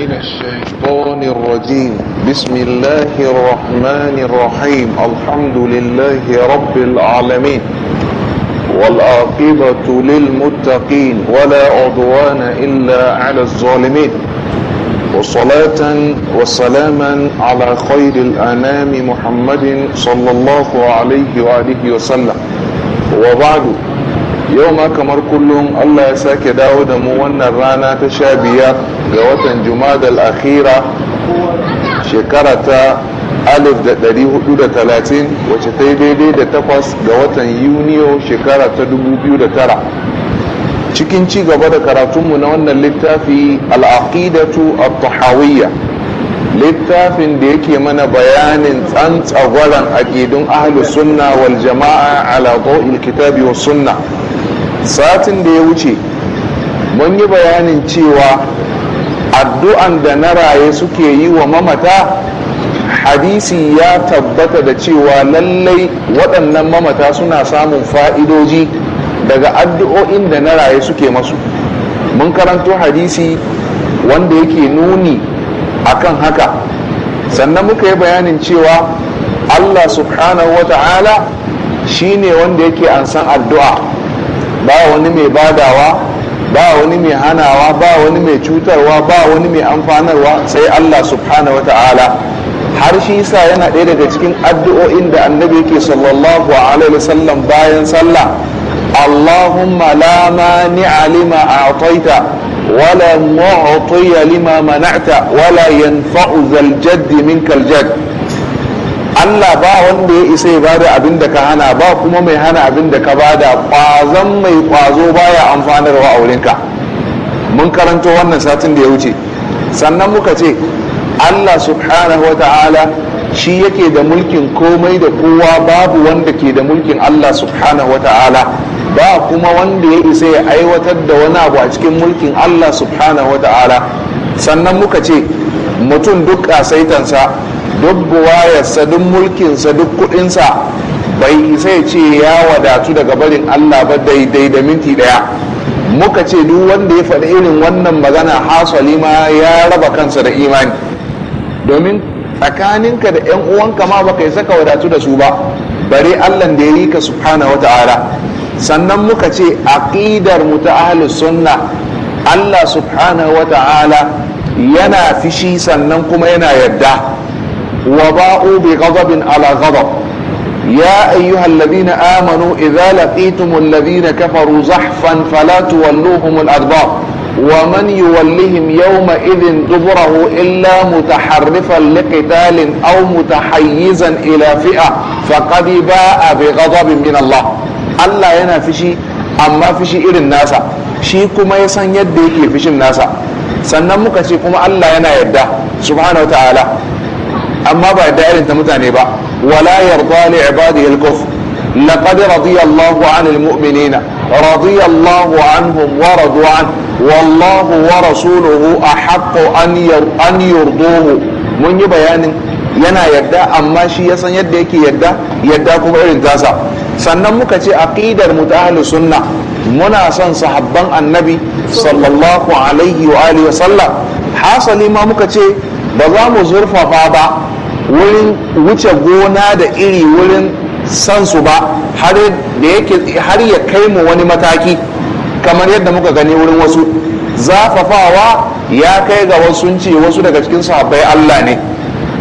من الشيطان الرجيم بسم الله الرحمن الرحيم الحمد لله رب العالمين والآقبة للمتقين ولا عدوان إلا على الظالمين وصلاة وسلاما على خير الأنام محمد صلى الله عليه وآله وسلم وبعد يوم كمر كلهم الله allah داود موانا رانا da ga watan jumada al-akhira shekara ta 1430 wacce ta yi daidai da takwas ga watan yuniyo shekara ta 2009 cikin ci gaba da karatunmu na wannan littafi al'aqidatu al tahawiyya littafin da yake mana bayanin tsantsagwaran aqidun ahlus sunna wal jama'a ala dawil kitabi was sunna satin da ya wuce mun yi bayanin cewa addu'an da na raye suke yi wa mamata hadisi ya tabbata da cewa lallai waɗannan mamata suna samun fa'idoji daga addu'o'in da na raye suke masu mun karanto hadisi wanda yake nuni akan haka sannan muka yi bayanin cewa allah subhanahu wa ta'ala shi ne wanda yake ansan addu'a ba wani mai badawa ba wani mai hanawa ba wani mai cutarwa ba wani mai amfanarwa sai Allah subhanahu ta'ala har shi yasa yana ɗaya daga cikin addu'o'in da annabi yake sallallahu alaihi wasallam bayan sallah Allahumma la mani'a lima a'taita wala mu'tiya lima mana'ta wala yanfa'u zal jaddi minkal jadd Allah ba wanda ya isa ya bada abin da ka hana ba kuma mai hana abin da ka bada kwazon mai kwazo baya amfanarwa a wurinka mun karanto wannan satin da ya wuce sannan muka ce Allah subhanahu wa ta'ala shi yake da mulkin komai da kowa babu wanda ke da mulkin Allah subhanahu wa ta'ala ba kuma wanda ya isa ya aiwatar da wani abu a cikin mulkin Allah subhanahu wa ta'ala sannan muka ce mutum duk saitansa. duk ya sadin mulkinsa duk kudinsa bai sai ce ya wadatu daga barin allah ba daidai da minti daya muka ce duk wanda ya faɗi irin wannan magana hasali ma ya raba kansa da imani domin tsakaninka da 'yan uwanka ma baka yi saka wadatu da su ba bare allah da ya yi ka wata wata'ala sannan muka ce aqidar mu ta ahlus sunna allah wata ala yana fishi sannan kuma yana yarda. وباءوا بغضب على غضب يا أيها الذين آمنوا إذا لقيتم الذين كفروا زحفا فلا تولوهم الأدبار ومن يولهم يومئذ دبره إلا متحرفا لقتال أو متحيزا إلى فئة فقد باء بغضب من الله Allah yana fishi amma fishi irin nasa shi kuma ya san yadda yake fishin nasa sannan muka ce kuma Allah yana yadda subhanahu wa ta'ala amma ba da ta mutane ba wala yarda li ibadihi al-kufr laqad radiya Allahu 'anil mu'minina radiya Allahu 'anhum wa radu 'an wallahu wa rasuluhu ahaqqu an an yurduhu mun yi bayanin yana yarda amma shi ya san yadda yake yarda yarda kuma irin tasa sannan muka ce aqidar mu ta sunna muna son sahabban annabi sallallahu alaihi wa alihi wa sallam hasali ma muka ce ba za mu zurfafa ba wurin wuce gona da iri wurin san su ba har ya kai mu wani mataki kamar yadda muka gani wurin wasu zafafawa ya kai ga wasu ce wasu daga cikin sahabbai Allah ne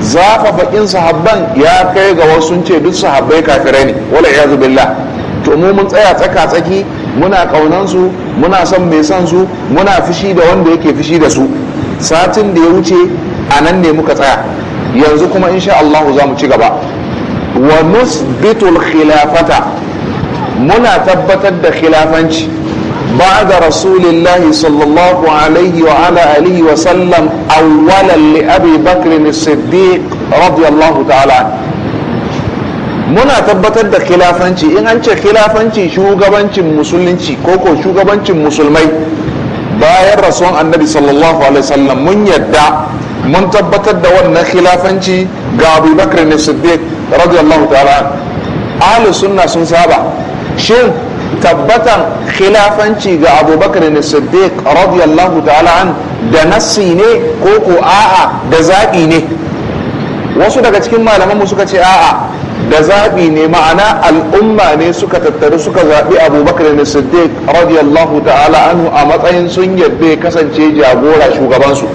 zafafakin sahabban ya kai ga wasu ce duk sahabbai kafirai ne wala ya billah to mu mun tsaya tsaka tsaki muna ƙaunansu, muna son mai son su muna fishi da wanda yake fishi da su satin da ya wuce a nan ne muka tsaya yanzu kuma insha Allah za mu ci gaba wa nusbitul khilafata muna tabbatar da khilafanci بعد رسول الله صلى الله عليه وعلى wa وسلم أولا لأبي بكر الصديق رضي Siddiq تعالى ta'ala. muna tabbatar da khilafanci in an ce khilafanci shugabancin musulunci ko ko shugabancin musulmai bayan rasuwan annabi sallallahu alaihi wasallam mun yadda mun tabbatar da wannan khilafanci ga abu bakar ne siddiq radiyallahu ta'ala ahli sunna sun saba shin tabbatan khilafanci ga abubakar ne siddiq radiyallahu ta'ala an da nassi ne ko ko a'a da zaɓi ne wasu daga cikin malaman mu suka ce a'a da zaɓi ne ma'ana al'umma ne suka tattaru suka zaɓi abubakar ne siddiq radiyallahu ta'ala anhu a matsayin sun yadda kasance jagora shugabansu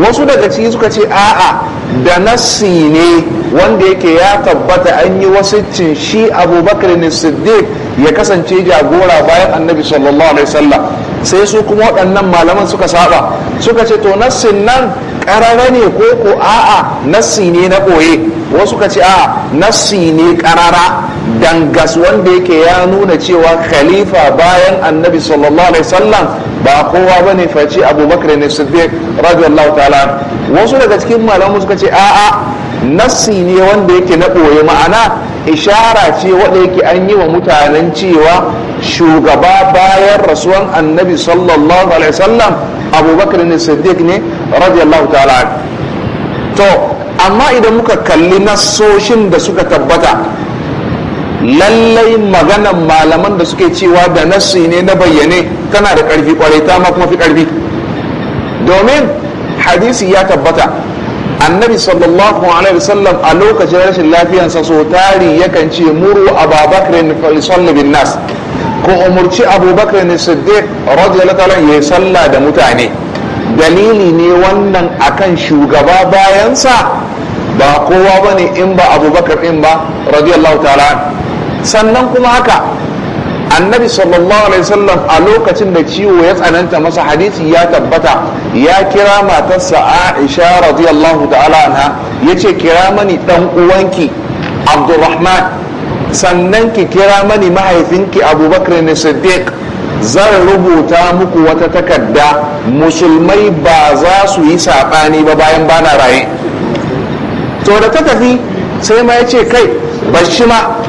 wasu daga ciki suka ce a'a da nassi ne wanda yake ya tabbata an yi cin shi abubakar ne siddiq ya kasance jagora bayan annabi sallallahu alaihi wasallam sai su kuma waɗannan malaman suka saba suka ce to nassin nan ƙarara ne ko ko a'a nassi ne na ɓoye wasu ka ce a nassi ne ƙarara dangas wanda yake ya nuna cewa khalifa bayan annabi sallallahu alaihi wasallam ba kowa ba ne face abubakar ne siddiq radiyallahu ta'ala wasu daga cikin malamu suka ce a'a nassi ne wanda yake na ɓoye ma'ana ishara ce wanda yake an yi wa mutanen cewa shugaba bayan rasuwan annabi sallallahu alaihi wasallam abubakar ne siddiq ne radiyallahu ta'ala to amma idan muka kalli nassoshin da suka tabbata lallai maganan malaman da suke cewa da nassi ne na bayyane tana da karfi kwarai, ta ma kuma fi ƙarfi domin hadisi ya tabbata annabi sallallahu alaihi wasallam a lokacin rashin lafiyansa so tari yakan ce muru ababakar falisalli bin nas ko umurci abubakar ne siddiq radiyallahu ta'ala ya sallah da mutane dalili ne wannan akan shugaba bayansa ba kowa bane in ba abubakar in ba radiyallahu ta'ala sannan kuma haka annabi sallallahu alaihi wasallam a lokacin da ciwo ya tsananta masa hadisi ya tabbata ya kira matarsa aisha radiyallahu ta'ala anha ya ce kira mani dan uwanki abdulrahman sannan ki kira mani mahaifinki abubakar ne siddiq zan rubuta muku wata takarda musulmai ba za su yi saɓani ba bayan bana raye to da ta tafi sai ma yace kai bashima ma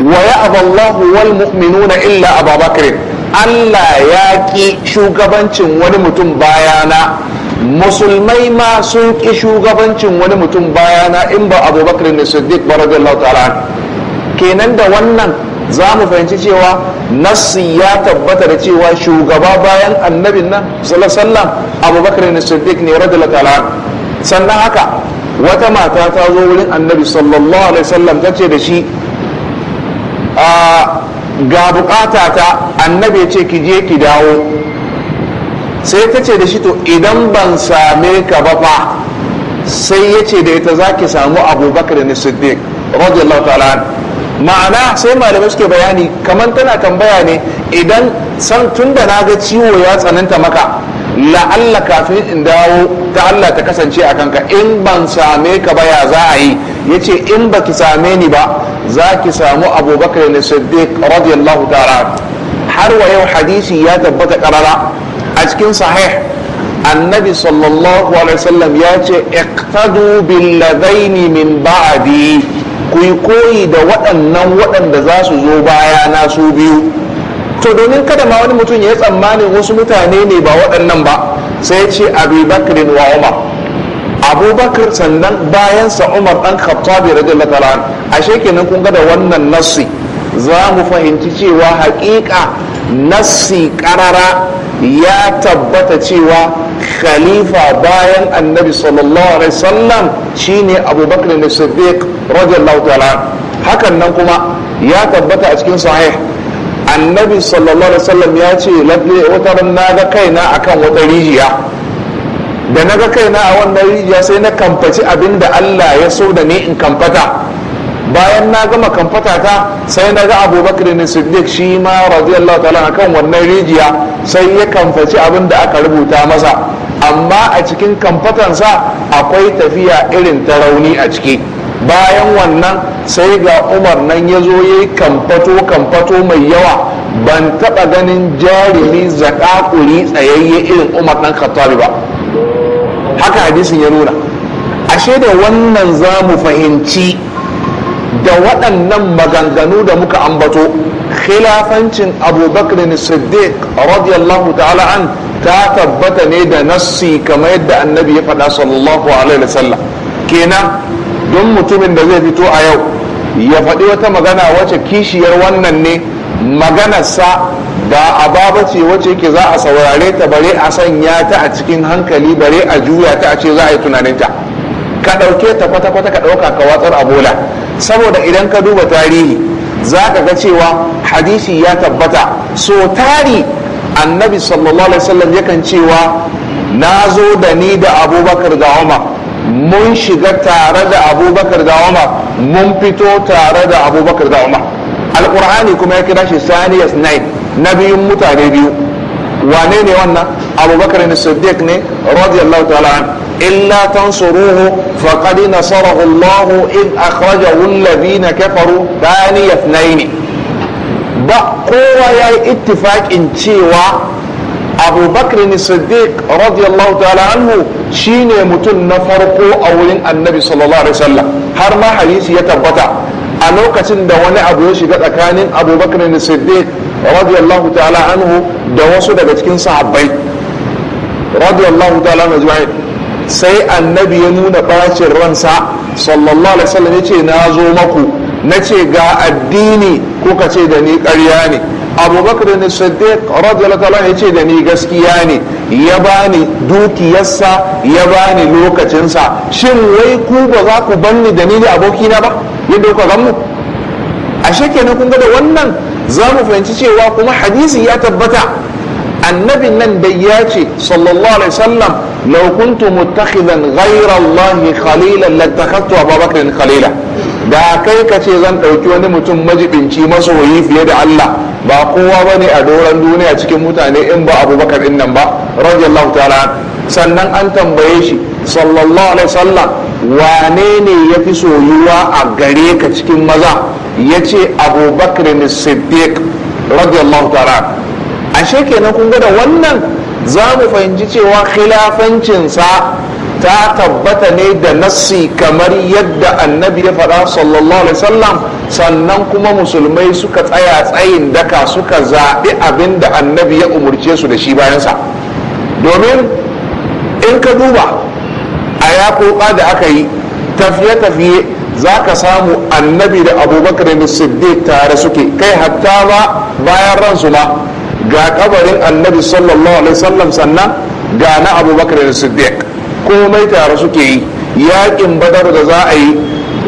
Waya ya'aba Allah wal mu'minuna illa Abu Allah ya ki shugabancin wani mutum bayana musulmai ma sun ki shugabancin wani mutum bayana in ba Abu Bakr ne Siddiq radiyallahu ta'ala kenan da wannan za mu fahimci cewa nassi ya tabbata da cewa shugaba bayan Annabi nan sallallahu alaihi wasallam Abu ne Siddiq ne sannan haka wata mata ta zo wurin annabi sallallahu alaihi wasallam ta ce da shi ga bukata ta annabi ya ce ki je ki dawo sai ta ce da shi to idan ban same ka ba fa sai ya ce da ita za ki samu abubakar ne siddiq radiyallahu ta'ala ma'ana sai malamai suke bayani kamar tana tambaya ne idan san tun da na ga ciwo ya tsananta maka la'alla kafin in dawo ta Allah ta kasance a kanka in ban same ka ba ya za a yi ya ce in ba ki same ni ba za ki samu abubakar na siddiq radiyallahu ta'ala har wa yau hadisi ya tabbata karara a cikin sahih annabi sallallahu alaihi wasallam ya ce iqtadu billadaini min ba'di ku koyi da waɗannan waɗanda za su zo na su biyu to domin kada ma wani mutum ya yi tsammanin wasu mutane ne ba waɗannan ba sai ya ce abubakar wa umar bakir sannan bayansa umar ɗan khattabi radiyallahu latalan ashe kenan kun ga da wannan nassi za mu fahimci cewa haƙiƙa nassi ƙarara ya tabbata cewa khalifa bayan annabi sallallahu alaihi wasallam shine abubakar ne siddiq radiyallahu ta'ala hakan nan kuma ya tabbata a cikin sahih annabi sallallahu alaihi wasallam ya ce lalle wata na ga kaina akan wata rijiya da na ga kaina a wannan rijiya sai na kamfaci abin da Allah ya so da ni in kamfata bayan na gama kamfata ta sai na ga abubakar ne siddiq shi ma radiyallahu ta'ala akan wannan rijiya sai ya kamfaci abin da aka rubuta masa amma a cikin kamfatansa akwai tafiya irin ta rauni a ciki bayan wannan sai ga umar nan ya zo ya yi kamfato kamfato mai yawa ban taɓa ganin jarumi zaƙaƙuri tsayayye irin umar ɗan khattabi ba haka hadisin ya nuna ashe da wannan za mu fahimci da waɗannan maganganu da muka ambato khilafancin abubakar siddiq radiyallahu ta'ala an ta tabbata ne da nassi kamar yadda annabi ya faɗa sallallahu alaihi wasallam kenan don mutumin da zai fito a yau ya faɗi wata magana wacce kishiyar wannan ne maganarsa ba a baba ce wacce yake za a saurare ta bare a sanya ta a cikin hankali bare a juya ta a ce za a yi tunaninta ka ɗauke ta kwata-kwata ka ɗauka ka watsar a bola saboda idan ka duba tarihi za ka ga cewa hadisi ya tabbata so tari annabi sallallahu alaihi wasallam yakan cewa na zo da ni da abubakar da umar mun shiga tare da abubakar da umar mun fito tare da abubakar da umar alkur'ani kuma ya kira shi saniyas nine na biyun mutane biyu wane ne wannan abubakar ne siddiq ne radiyallahu ta'ala illa tansuruhu faqad nasarahu allah id akhrajahu alladhina kafaru daniyas nine ba kowa yayi ittifaqin cewa abu ni siddiq radiyallahu ta'ala anhu shine mutum na farko a wurin annabi sallallahu alaihi wasallam har ma hadisi ya tabbata a lokacin da wani abu ya shiga tsakanin abu ni siddiq radiyallahu ta'ala anhu da wasu daga cikin sahabbai radiyallahu ta'ala anhu ajma'in sai annabi ya nuna bacin ransa sallallahu alaihi wasallam yace na zo maku nace ga addini ko ka ce da ni ƙarya ne abubakar ne siddiq radiyallahu ta'ala ya ce da ni gaskiya ne ya bani dukiyarsa ya bani lokacinsa shin wai ku ba za ku banni da ni da abokina ba yadda kuka gamu A kenan kun da wannan za mu fahimci cewa kuma hadisi ya tabbata Annabi nan da ya ce sallallahu alaihi wasallam law kuntu muttakhidan ghayra allahi khalilan lattakhadtu abubakar khalila da kai ka ce zan ɗauki wani mutum majibinci masoyi fiye da Allah ba kowa ba ne a doron duniya cikin mutane in ba abubakar ɗin nan ba radiyallahu ta'ala sannan an tambaye shi sallallahu alaihi wasallam wane ne ya fi soyuwa a gare ka cikin maza ya ce abubakar ne siddiq radiyallahu ta'ala ashe kenan kun ga wannan za mu fahimci cewa khilafancinsa ta tabbata ne da nassi kamar yadda annabi ya faɗa sallallahu alaihi wasallam sannan kuma musulmai suka tsaya tsayin daka suka zaɓi abin da annabi ya umurce su da shi bayansa domin in ka duba a yaƙoƙa da aka yi tafiye-tafiye za ka samu annabi da abubakar da siddiq tare suke kai hatta ma bayan ransu ma ga kabarin annabi sallallahu alaihi wasallam sannan ga na abubakar da siddiq komai tare suke yi yakin badar da za a yi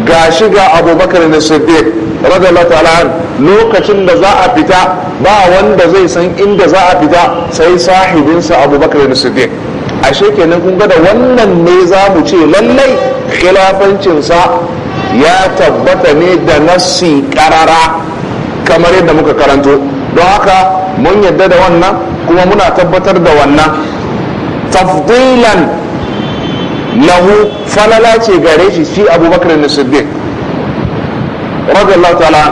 ga shi ga abubakar na siddiq radiyallahu ta'ala lokacin da za a fita ba wanda zai san inda za a fita sai sahibinsa abubakar na siddiq ashe kenan kun ga da wannan ne za mu ce lallai khilafancinsa ya tabbata ne da nassi karara kamar yadda muka karanto don haka mun yadda da wannan kuma muna tabbatar da wannan tafdilan lahu falala ce gare shi shi abubakar na siddiq radiyallahu ta'ala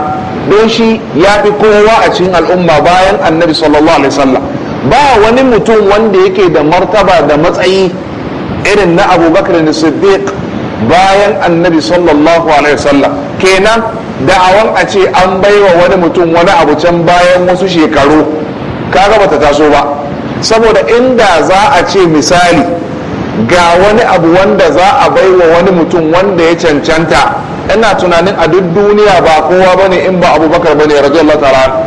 don shi ya fi kowa a cikin al'umma bayan annabi sallallahu alaihi wasallam ba wani mutum wanda yake da martaba da matsayi irin na abubakar na siddiq bayan annabi sallallahu alaihi wasallam kenan da'awan a ce an baiwa wani mutum wani abu can bayan wasu shekaru kaga bata taso ba saboda inda za a ce misali ga wani abu wanda za a bai wa wani mutum wanda ya cancanta ina tunanin a duk duniya ba kowa ba ne in ba abubakar ba. ta'ala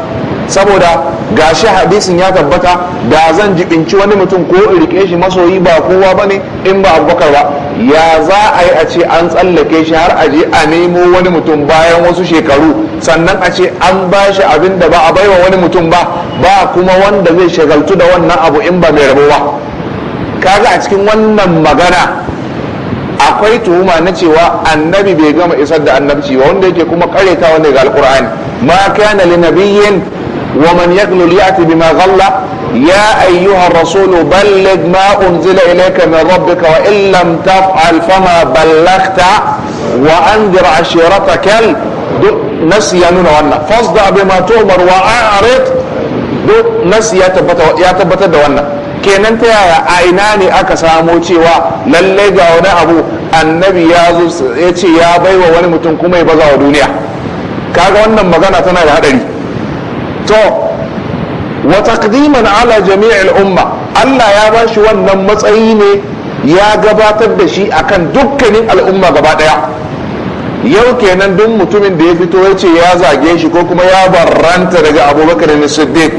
saboda ga shi hadisin ya tabbata da zan jibinci wani mutum ko irke rike shi masoyi ba kowa ba ne in ba abubakar ba ya za a yi a ce an tsallake shi har a je a nemo wani mutum bayan wasu shekaru sannan a ce an ba shi abin da ba a baiwa wani mutum ba ba kuma wanda zai shagaltu da wannan abu in ba mai rabo ba kaga a cikin wannan magana akwai tuhuma na cewa annabi bai gama isar da annabci ba wanda yake kuma kareta wanda ga alqur'ani ma kana li nabiyyin wa man yaghlul ya'ti bima ghalla ya ayyuha ar-rasul balligh ma unzila ilayka min rabbika wa in lam taf'al fama ballaghta wa anzir ashiratakal duk nasi ya nuna wannan fasda bima tu'mar wa a'rid duk nasi tabbata ya tabbatar da wannan kenan ta yaya a ina ne aka samo cewa lalle ga wani abu annabi ya zo ya ce ya baiwa wani mutum kuma ya baza wa duniya kaga wannan magana tana da hadari to wa taqdiman ala jami'il umma Allah ya ba shi wannan matsayi ne ya gabatar da shi akan dukkanin al'umma gaba daya yau kenan duk mutumin da ya fito ya ce ya zage shi ko kuma ya barranta daga abubakar siddiq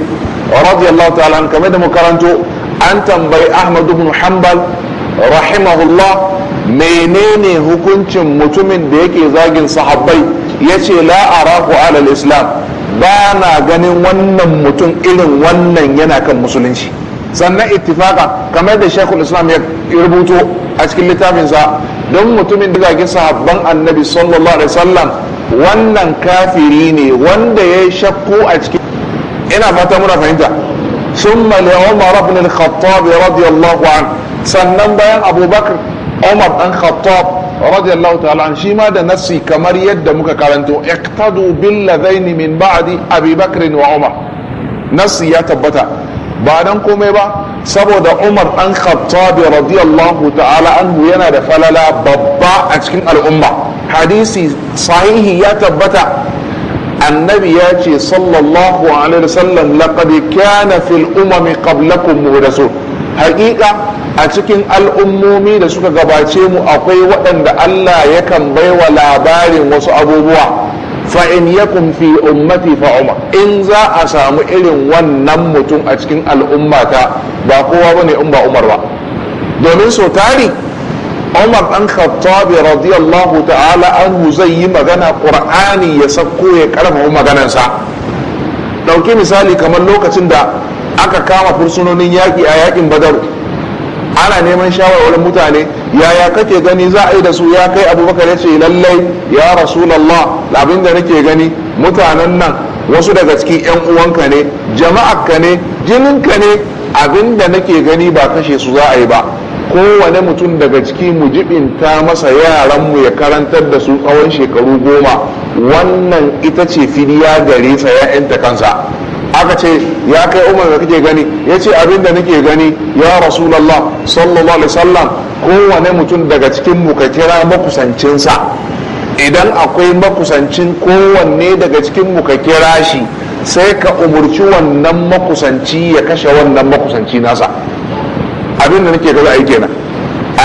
radiyallahu ta'ala kamar da mu karanto an tambayi ahmad ibn hanbal rahimahullah menene hukuncin mutumin da yake zagin sahabbai ya ce la'araku alal islam ba na ganin wannan mutum irin wannan yana kan musulunci sannan ittifaka kamar da shekul islam ya rubuto a cikin littafinsa don mutumin da zagin sahabban annabi sallallahu alaihi wasallam wannan kafiri ne wanda ya shakku a cikin ina fata muna fahimta ثم لعمر بن الخطاب رضي الله عنه سنن بيان ابو بكر عمر بن الخطاب رضي الله تعالى عنه شيما ده نفسي كمر يد مكا كارنتو اقتدوا بالذين من بعد ابي بكر وعمر نفسي يا تبتا بعدن كومي با سبو عمر بن الخطاب رضي الله تعالى عنه ينا ده فلالا ببا اتكين الامه حديثي صحيح يا تبتا annabi ya ce sallallahu alaihi wasallam laqad kana fil umami qablakum rasul haƙiƙa a cikin al'ummomi da suka gabace mu akwai waɗanda Allah yakan baiwa labarin wasu abubuwa fa in yakun fi ummati fa umar in za a samu irin wannan mutum a cikin al'ummata ba kowa bane in ba umar ba domin so tari Umar ɗan Khattabi radiyallahu ta'ala anhu zai yi magana Qur'ani ya sako ya karfafa maganarsa ɗauki misali kamar lokacin da aka kama fursunonin yaƙi a yaƙin Badar ana neman shawarwarin mutane yaya kake gani za a yi da su ya kai abubakar ya ce lallai ya rasulallah abin da nake gani mutanen nan wasu daga cikin 'yan uwanka ne jama'arka ne jininka ne abin da nake gani ba kashe su za a yi ba kowane mutum daga ciki mu jibinta masa yaran mu ya karantar da su tsawon shekaru goma wannan ita ce filiya gare sa ya kansa aka ce ya kai umar da kake gani ya ce abin da nake gani ya rasulallah sallallahu alaihi wasallam kowane mutum daga cikin mu ka kira makusancinsa idan akwai makusancin kowanne daga cikin mu ka kira shi sai ka umurci wannan makusanci ya kashe wannan makusanci nasa abin da nake gaza aiki na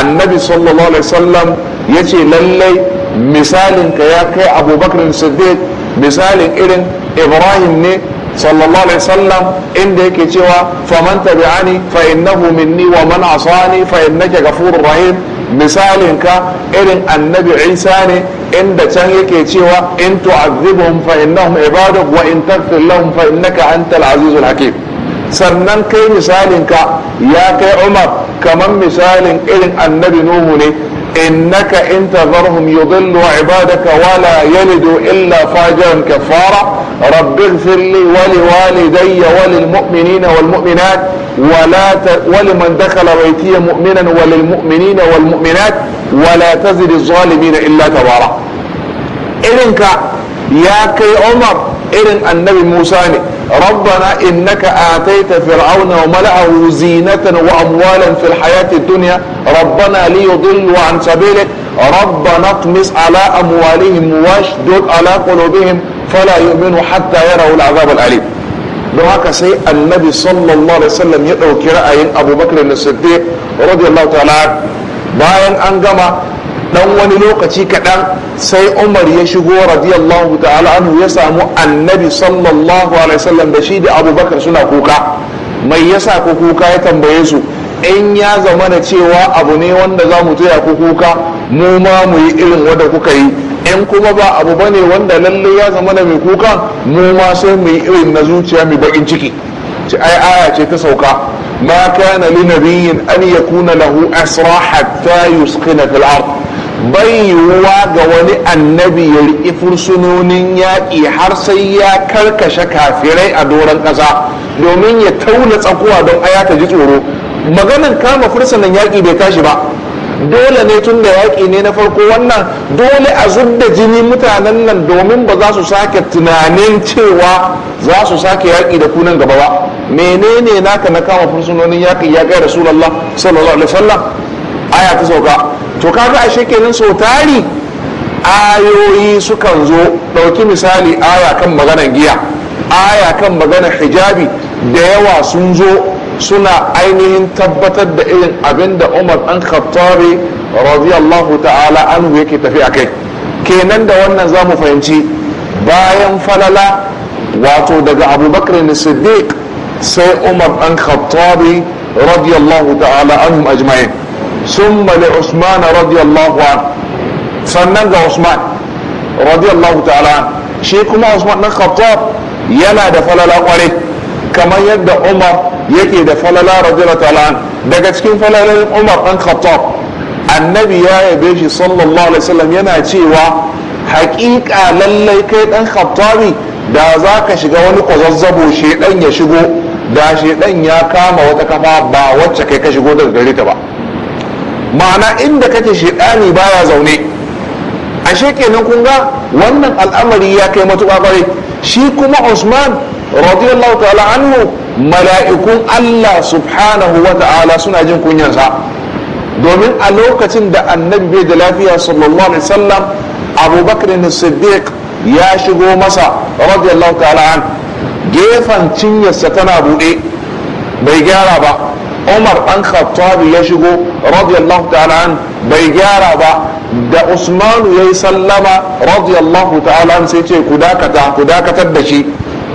annabi sallallahu alaihi wasallam ya ce lallai misalin ka ya kai abubakar siddiq misalin irin ibrahim ne sallallahu alaihi wasallam inda yake cewa faman tabi'ani fa innahu minni wa man asani fa innaka ghafurur rahim misalin ka irin annabi isa ne inda can yake cewa in tu'adhibhum fa innahum ibaduk wa in taghfir lahum fa innaka antal azizul hakim sannan kai misalinka ya kai umar kamar misalin irin annabi nuhu ne innaka in tazarhum yudillu ibadaka wala yalidu illa fajiran kafara rabbi ighfirli wa liwalidayya wa lilmu'minina wal mu'minat ولا ت... ولمن دخل بيتي مؤمنا وللمؤمنين والمؤمنات ولا تزد الظالمين الا تبارا irinka ya kai umar إرن النبي موسى ربنا إنك آتيت فرعون وملأه زينة وأموالا في الحياة الدنيا ربنا ليضلوا عن سبيلك ربنا اطمس على أموالهم واشدد على قلوبهم فلا يؤمنوا حتى يروا العذاب الأليم لو هكا النبي صلى الله عليه وسلم يدعو كرأي أبو بكر الصديق رضي الله تعالى باين أنجمع dan wani lokaci kaɗan sai umar ya shigo radiyallahu ta'ala anhu ya samu annabi sallallahu alaihi wasallam da shi da abubakar suna kuka mai yasa ku kuka ya tambaye su in ya zama na cewa abu ne wanda za mu taya ku kuka mu ma mu yi irin wanda kuka yi in kuma ba abu bane wanda lalle ya zama na mai kuka mu ma sai mu yi irin na zuciya mai bakin ciki ci ai aya ce ta sauka ma kana li nabiyyin an yakuna lahu asra hatta yusqina fil ard bai yiwuwa ga wani annabi ya riƙi fursunonin yaƙi har sai ya karkashe kafirai a doron ƙasa domin ya tauna tsakuwa don aya ta ji tsoro maganin kama fursunan yaƙi bai tashi ba dole ne tun da yaƙi ne na farko wannan dole a zub da jini mutanen nan domin ba za su sake tunanin cewa za su sake yaƙi da kunan gaba ba menene naka na kama fursunonin yaƙi ya kai rasulallah sallallahu alaihi wasallam aya ta sauka to kaga a shekenin sau tari ayoyi sukan zo ɗauki misali aya kan maganar giya aya kan maganar hijabi da yawa sun zo suna ainihin tabbatar da irin abin da umar ɗan khattabi radiyallahu ta'ala anhu yake tafi a kai kenan da wannan za mu fahimci bayan falala wato daga abubakar siddiq sai umar ɗan khattabi radiyallahu ta'ala anhu ajma'in summa li usman radiyallahu anhu sannan ga usman radiyallahu ta'ala shi kuma usman ɗan khattab yana da falala kwarai kamar yadda umar yake da falala radiyallahu ta'ala daga cikin falalar umar dan khattab annabi ya yabe shi sallallahu alaihi wasallam yana cewa haƙiƙa lallai kai dan khattabi da za ka shiga wani kwazazzabo shedan ya shigo da shedan ya kama wata kafa ba wacce kai ka shigo daga gare ta ba ma'ana inda kake shedani baya zaune ashe kenan kun ga wannan al'amari ya kai matuƙa kwarai shi kuma usman radiyallahu ta'ala anhu mala'ikun allah subhanahu wa ta'ala suna jin kunyansa domin a lokacin da annabi bai da lafiya sallallahu alaihi wasallam abubakar siddiq ya shigo masa radiyallahu ta'ala an gefen cinyarsa tana buɗe bai gyara ba umar an khattabi ya shigo radiyallahu ta'ala an bai gyara ba da usmanu ya yi sallama radiyallahu ta'ala an sai ce ku dakata ku dakatar da shi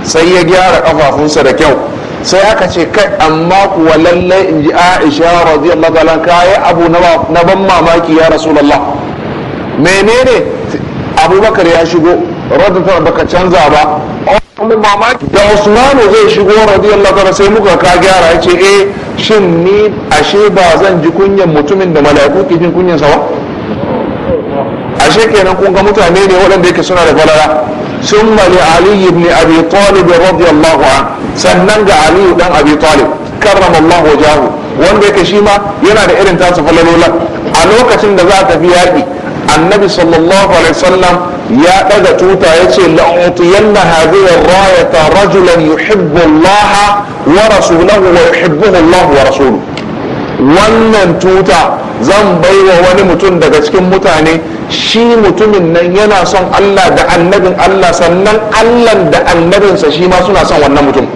sai ya gyara kafafunsa da kyau sai aka ce kai amma kuwa lallai in ji aisha radiyallahu ta'ala ka yi abu na ban mamaki ya rasulallah menene abubakar ya shigo radiyallahu baka canza ba kuma mamaki da usmanu zai shigo radiyallahu ta'ala sai muka ka gyara yace eh shin ni ashe ba zan ji kunyan mutumin da mala'iku ke jin kunyan sa ba ashe kenan kun ga mutane ne waɗanda yake suna da falala sun mali ali ibn abi talib radiyallahu an, sannan ga ali dan abi talib karramallahu wajahu wanda yake shi ma yana da irin tasu falalola a lokacin da za ka fi yaƙi annabi sallallahu alaihi wasallam ya daga tuta yace la'utiyanna hadhihi ar-rayata rajulan yuhibbu Allah wa rasulahu wa yuhibbuhu Allah wa rasuluhu wannan tuta zan bai wa wani mutum daga cikin mutane shi mutumin nan yana son Allah da annabin Allah sannan Allah da annabinsa shi ma suna son wannan mutum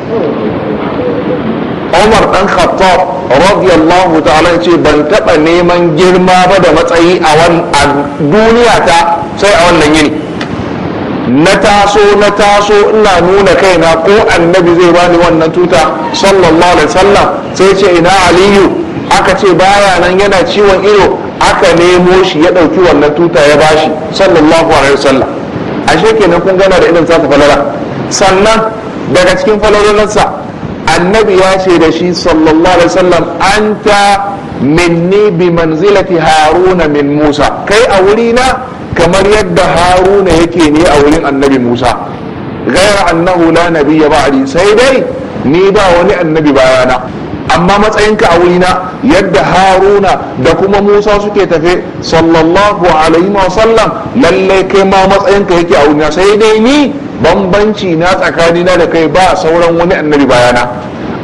umar dan khattab radiyallahu ta'ala ce ban taɓa neman girma ba da matsayi a duniya ta sai a wannan yini na taso na taso ina nuna kaina ko annabi zai bani wannan tuta sallallahu alaihi wasallam sai ce ina aliyu aka ce baya nan yana ciwon ido aka nemo shi ya dauki wannan tuta ya bashi sallallahu alaihi wasallam ashe kenan kun gana da irin sa falala sannan daga cikin falalolinsa annabi ya ce da shi sallallahu alaihi wasallam anta minni bi manzilati haruna min musa kai a wurina kamar yadda haruna yake ne a wurin annabi musa gayar annahu la nabiyya ba'di sai dai ni ba wani annabi bayana amma matsayinka a wurina yadda haruna da kuma musa suke tafe sallallahu alaihi wa sallam lallai kai ma matsayinka yake a wurina sai dai ni bambanci na tsakani na da kai ba sauran wani annabi bayana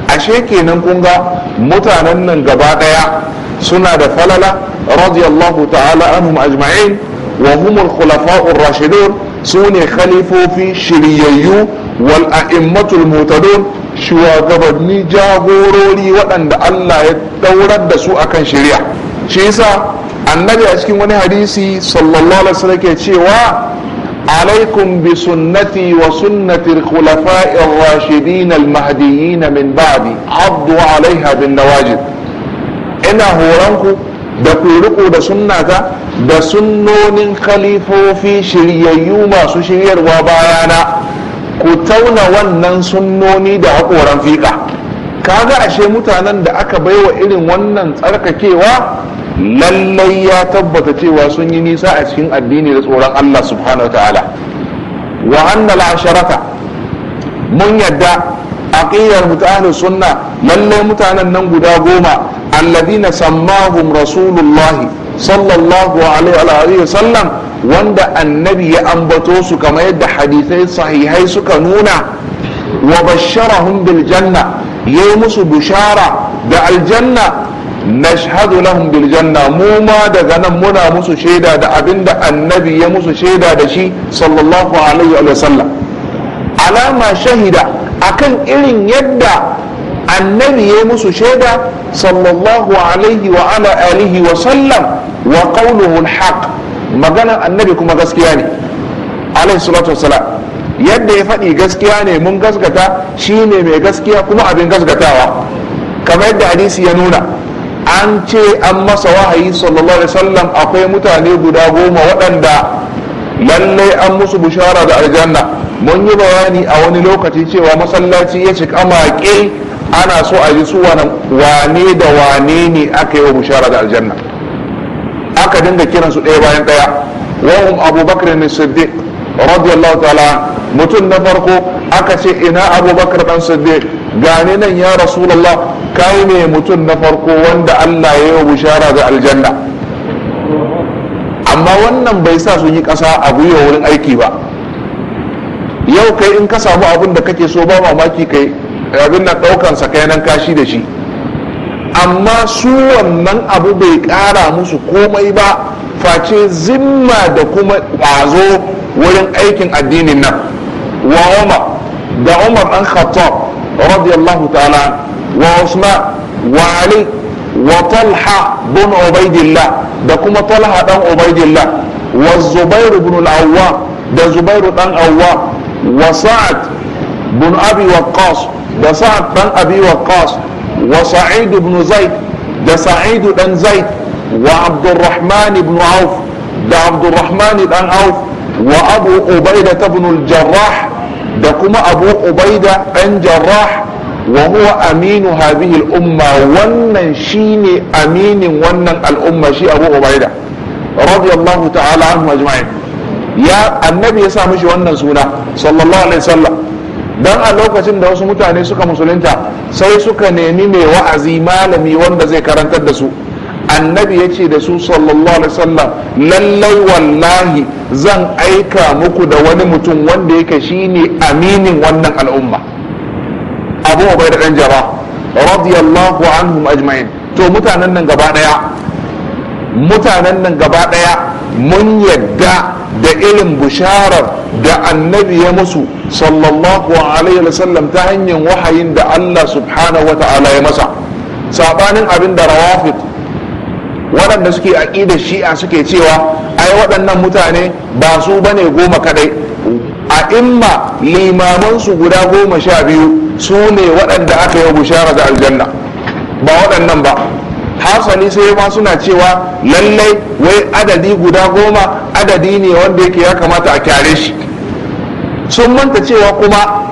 ashe kenan kun ga mutanen nan gaba daya suna da falala radiyallahu ta'ala anhum ajma'in wa humul khulafa'ur rashidun sune khalifofi shiryayyu wal a'immatul mutadun shugabanni jagorori waɗanda Allah ya daurar da su akan shari'a shi yasa annabi a cikin wani hadisi sallallahu alaihi wasallam ke cewa Alaikum عليكم بسنتي وسنة الخلفاء الراشدين المهديين من بعدي عضوا عليها بالنواجد إنا هورانكو da ku riko da sunnata da sunnonin khalifofi shiryayyu masu shiryarwa bayana ku tauna wannan sunnoni da haƙoran fiƙa ga ashe mutanen da aka baiwa irin wannan tsarkakewa lallai ya tabbata cewa sun yi nisa a cikin addini da tsoron Allah subhanahu wa ta'ala wa annal asharata mun yadda aqidar mutanen sunna lallai mutanen nan guda goma alladina sammahum rasulullahi sallallahu alaihi wa sallam wanda annabi ya ambato su kamar yadda hadisai sahihai suka nuna wa basharahum bil janna yayi musu bushara da aljanna nashhadu lahum bil janna mu ma daga nan muna musu shaida da abinda annabi ya musu shaida da shi sallallahu alaihi wa sallam alama shahida a kan irin yadda annabi ya musu shaida sallallahu alaihi wa sallam wa annabi kuma gaskiya ne alaihi salatu yadda ya faɗi gaskiya ne mun gaskata shine mai gaskiya kuma abin gaskatawa kamar yadda hadisi ya nuna an ce an masa wahayi sallallahu alaihi wasallam akwai mutane guda goma waɗanda lallai an musu bushara da aljanna mun yi bayani a wani lokaci cewa masallaci ya cika maƙe ana so a ji su wane da wane ne aka yi wa bushara da aljanna aka dinga kiran su ɗaya bayan ɗaya wahum abubakar ne siddiq radiyallahu ta'ala mutum na farko aka ce ina abubakar ɗan siddiq gane nan ya rasulallah kai ne mutum na farko wanda Allah ya yi bishara da aljanna amma wannan bai sa sun yi ƙasa a gwiwa wurin aiki ba yau kai in ka samu abin da kake so ba mamaki kai abin ɗaukan daukansa kai nan kashi da shi amma su wannan abu bai ƙara musu komai ba face zimma da kuma ƙwazo wurin aikin addinin nan wa umar da umar ɗan khattab رضي الله تعالى عنه وعثمان وعلي وطلحة بن عبيد الله ده كما طلحة بن عبيد الله والزبير بن العوام ده زبير بن عوام وسعد بن أبي وقاص ده سعد بن أبي وقاص وسعيد بن زيد ده سعيد بن زيد وعبد الرحمن بن عوف ده عبد الرحمن بن عوف وأبو عبيدة بن الجراح da kuma abu ubaida ɗan jarrah wa huwa aminu hadhihi al-umma wannan shine aminin wannan al'umma shi abu ubaida radiyallahu ta'ala anhu ajma'in ya annabi ya sa mishi wannan suna sallallahu alaihi wasallam dan a lokacin da wasu mutane suka musulunta sai suka nemi mai wa'azi malami wanda zai karantar da su annabi ya ce da su sallallahu alaihi wasallam lallai wallahi zan aika muku da wani mutum wanda yake shine aminin wannan al'umma abu ubai da dan jara radiyallahu anhum ajma'in to mutanen nan gaba ɗaya mutanen nan gaba mun yadda da irin bisharar da annabi ya musu sallallahu alaihi wasallam ta hanyar wahayin da Allah subhanahu wa ta'ala ya masa sabanin abin da rawafit waɗanda suke aƙida shi'a suke cewa ai waɗannan mutane ba su bane goma kadai a imma limamansu guda goma sha biyu su ne waɗanda aka yi bushara da aljanna ba waɗannan ba hasali sai ma suna cewa lallai wai adadi guda goma adadi ne wanda yake ya kamata a kyare shi sun manta cewa kuma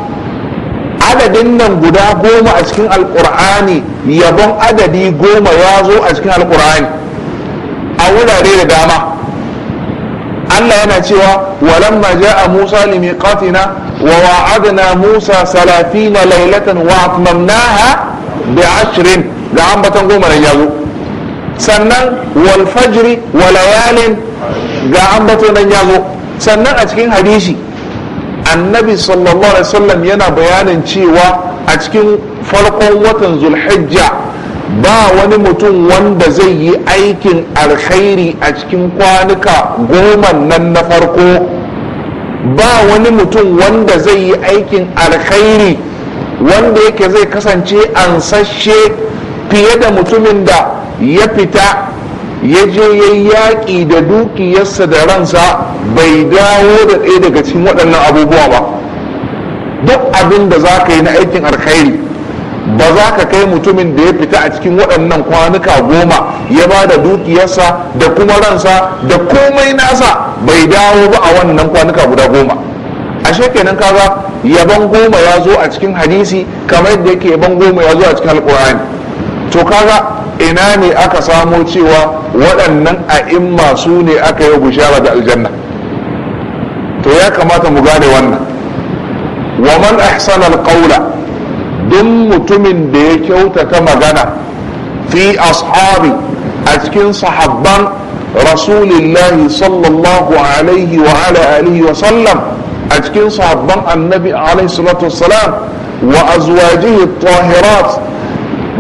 adadin nan guda goma a cikin alkur'ani yabon adadi goma ya zo a cikin alkur'ani a wurare da dama Allah yana cewa walamma ja'a Musa limiqatina wa wa'adna Musa salafina lailatan wa atmamnaha bi ashrin da ambatan goma da yazo sannan wal fajri wa layalin ga ambatan nan yazo sannan a cikin hadisi annabi sallallahu alaihi wasallam yana bayanin cewa a cikin farkon watan zulhijja ba wani mutum wanda zai yi aikin alkhairi a cikin kwanuka goma nan na farko ba wani mutum wanda zai yi aikin alkhairi wanda yake zai kasance sashe fiye da mutumin da ya fita ya je ya yaƙi da dukiyarsa da ransa bai dawo da ɗaya daga cikin waɗannan abubuwa ba duk abin da za ka yi na aikin alkhairi ba za ka kai mutumin da ya fita a cikin waɗannan kwanuka goma ya ba da dukiyarsa da kuma ransa da komai nasa bai dawo ba a wannan kwanuka guda goma A kenan kaza, yaban goma ya zo a cikin hadisi kamar yadda yake yaban goma ya zo a cikin alkur'ani to kaza, ina ne aka samo cewa waɗannan a'imma su ne aka yi bishara da aljanna to ya kamata mu gane wannan wa man ahsana alqawla duk mutumin da ya kyautata magana fi ashabi a cikin sahabban rasulillahi sallallahu alaihi wa ala alihi wa sallam a cikin sahabban annabi alaihi salatu wassalam wa azwajihi tahirat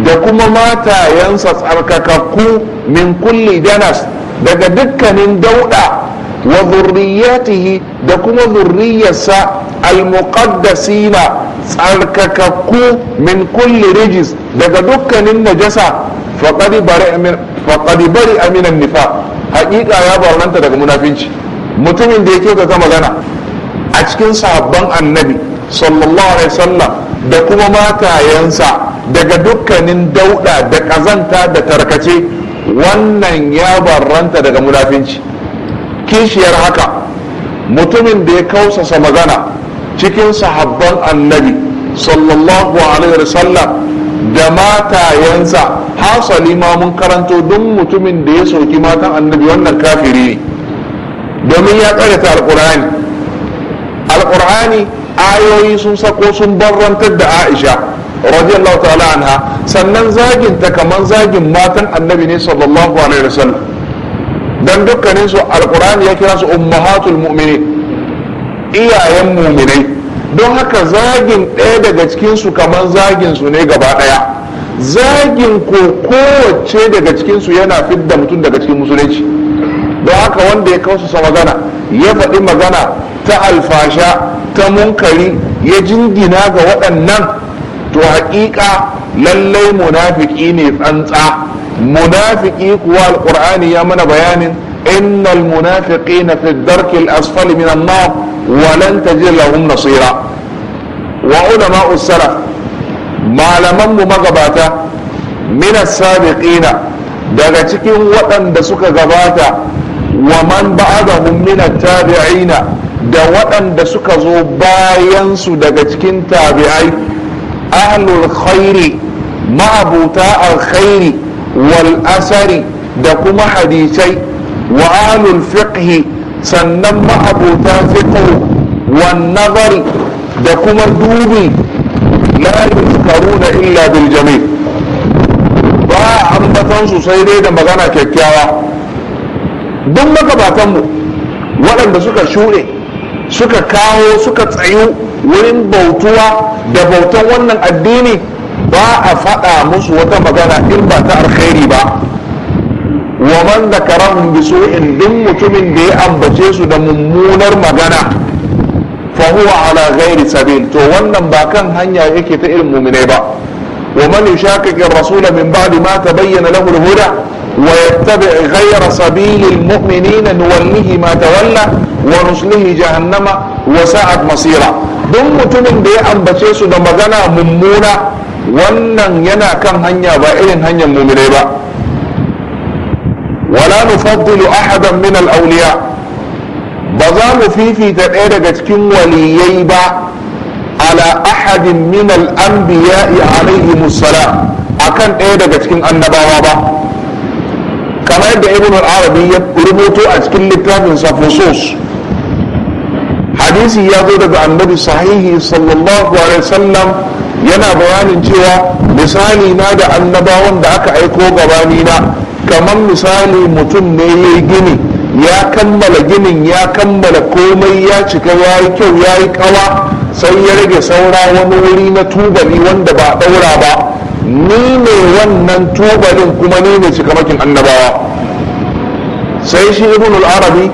da kuma matayensa tsarkakakku min kulli danas daga dukkanin dauda wa zurriyatihi da kuma zurriyarsa al-muqaddasina tsarkakakku min kulli rijis daga dukkanin najasa faɗaɗi bari aminan nifa haƙiƙa ya barnanta daga munafinci mutumin da ya kyautata magana a cikin sabon annabi sallallahu alaihi wasallam da kuma matayensa daga dukkanin dauda da kazanta da tarkace wannan ya barranta daga munafinci kishiyar haka mutumin da ya kausasa magana cikin sahabban annabi sallallahu alaihi wasallam da matayensa hasali ma mun karanto duk mutumin da ya sauki matan annabi wannan kafiri ne domin ya karyata alkur'ani alkur'ani ayoyi sun sako sun barrantar da aisha radiyallahu ta'ala anha sannan zaginta kamar zagin matan annabi ne sallallahu alaihi wasallam dan dukkaninsu alkur'ani ya kira su ummahatul mu'minin iyayen muminai don haka zagin ɗaya daga cikinsu kamar zagin su ne gaba ɗaya zagin ko kowace daga cikinsu yana fidda mutum daga cikin musulunci don haka wanda ya sa magana ya faɗi magana ta alfasha ta munkari ya jingina ga waɗannan to haƙiƙa lallai munafiki ne tsantsa munafiki kuwa alƙur'ani ya mana bayanin innal munafiqina fi darkil asfali minan nar walan tajid lahum nasira wa ulama salaf malaman mu magabata mina as daga cikin waɗanda suka gabata wa man ba'adahum min tabiina da waɗanda suka zo bayan su daga cikin tabi'ai ahlul khairi ma'abuta alkhairi wal asari da kuma hadisai wa ahlul fiqhi sannan ma'abota fiqh wan nazari da kuma dubi la yuzkaruna illa bil ba ambatan su sai dai da magana kyakkyawa duk magabatanmu waɗanda suka shure suka kawo suka tsayu wurin bautuwa da bautan wannan addini ba a faɗa musu wata magana in ba ta alkhairi ba da zakarahum bi in duk mutumin da ya ambace su da mummunar magana fa huwa ala ghairi sabil to wannan ba kan hanya yake ta irin mu'minai ba wa man yushaqiqi ar-rasul min ba'di ma tabayyana lahu al-huda wa yattabi' ghayra sabilil mu'minina nuwallihi ma tawalla wa nuslihi jahannama wa sa'at masira duk mutumin da ya ambace su da magana mummuna wannan yana kan hanya ba irin hanyar mu'minai ba Walanu nufaddilu ahadan min al-awliya ba za mu fifita ɗaya daga cikin waliyyai ba ala ahadin min al-anbiya'i alayhi akan ɗaya daga cikin annabawa ba kamar yadda ibn al-arabi ya rubuto a cikin littafin sa hadisi ya zo daga annabi sahihi sallallahu alaihi wasallam yana bayanin cewa misali na da annabawan da aka aiko gabani na kamar misali mutum ne ya yi gini ya kammala ginin ya kammala komai ya cika ya yi kyau ya yi kawa sai ya rage saura wani wuri na tubali wanda ba daura ba ni ne wannan tubalin kuma ni ne cika makin annabawa sai shi ibn al-arabi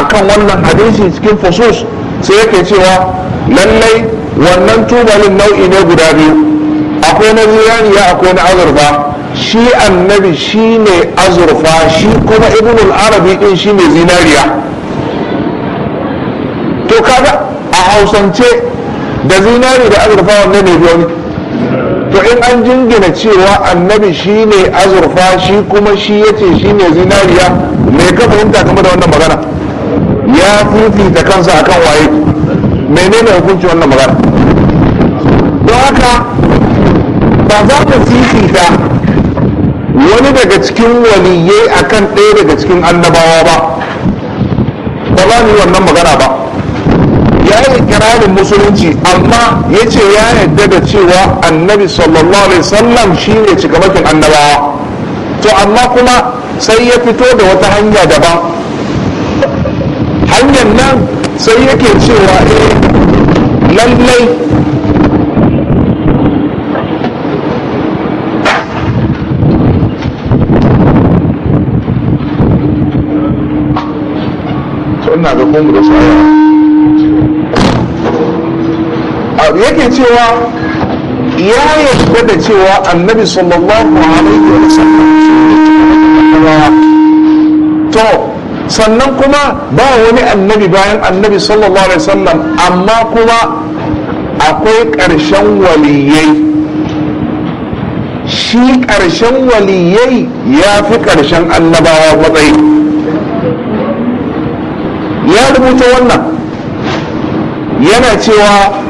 akan wannan hadisi cikin fusus sai yake cewa lallai wannan tubalin nau'i ne guda biyu akwai na ziyaniya akwai na azurfa shi annabi shi ne azurfa shi kuma ibn arabi din shi ne zinariya to kaga a hausance da zinari da azurfa wanne ne ne, to in an jingina cewa annabi shi ne azurfa shi kuma shi ya ce shi ne zinariya me ka fahimta game da wannan magana ya fifita kansa akan waye menene hukunci wannan magana don haka ba za ka fifita wani daga cikin waliyyai akan ɗaya daga cikin annabawa ba ba za mu yi wannan magana ba ya yi ikirarin musulunci amma ya ce ya yadda da cewa annabi sallallahu alaihi wasallam shi ne cikamakin annabawa to amma kuma sai ya fito da wata hanya daban hanyar nan sai yake cewa eh, lallai to ina ga kuma da tsaya abu yake cewa ya yarda da cewa annabi sallallahu alaihi wa sallam to sannan kuma ba wani annabi bayan annabi sallallahu alaihi wasallam amma kuma akwai ƙarshen waliyai shi ƙarshen waliyai ya fi ƙarshen annabawa matsayi ya rubuta wannan yana cewa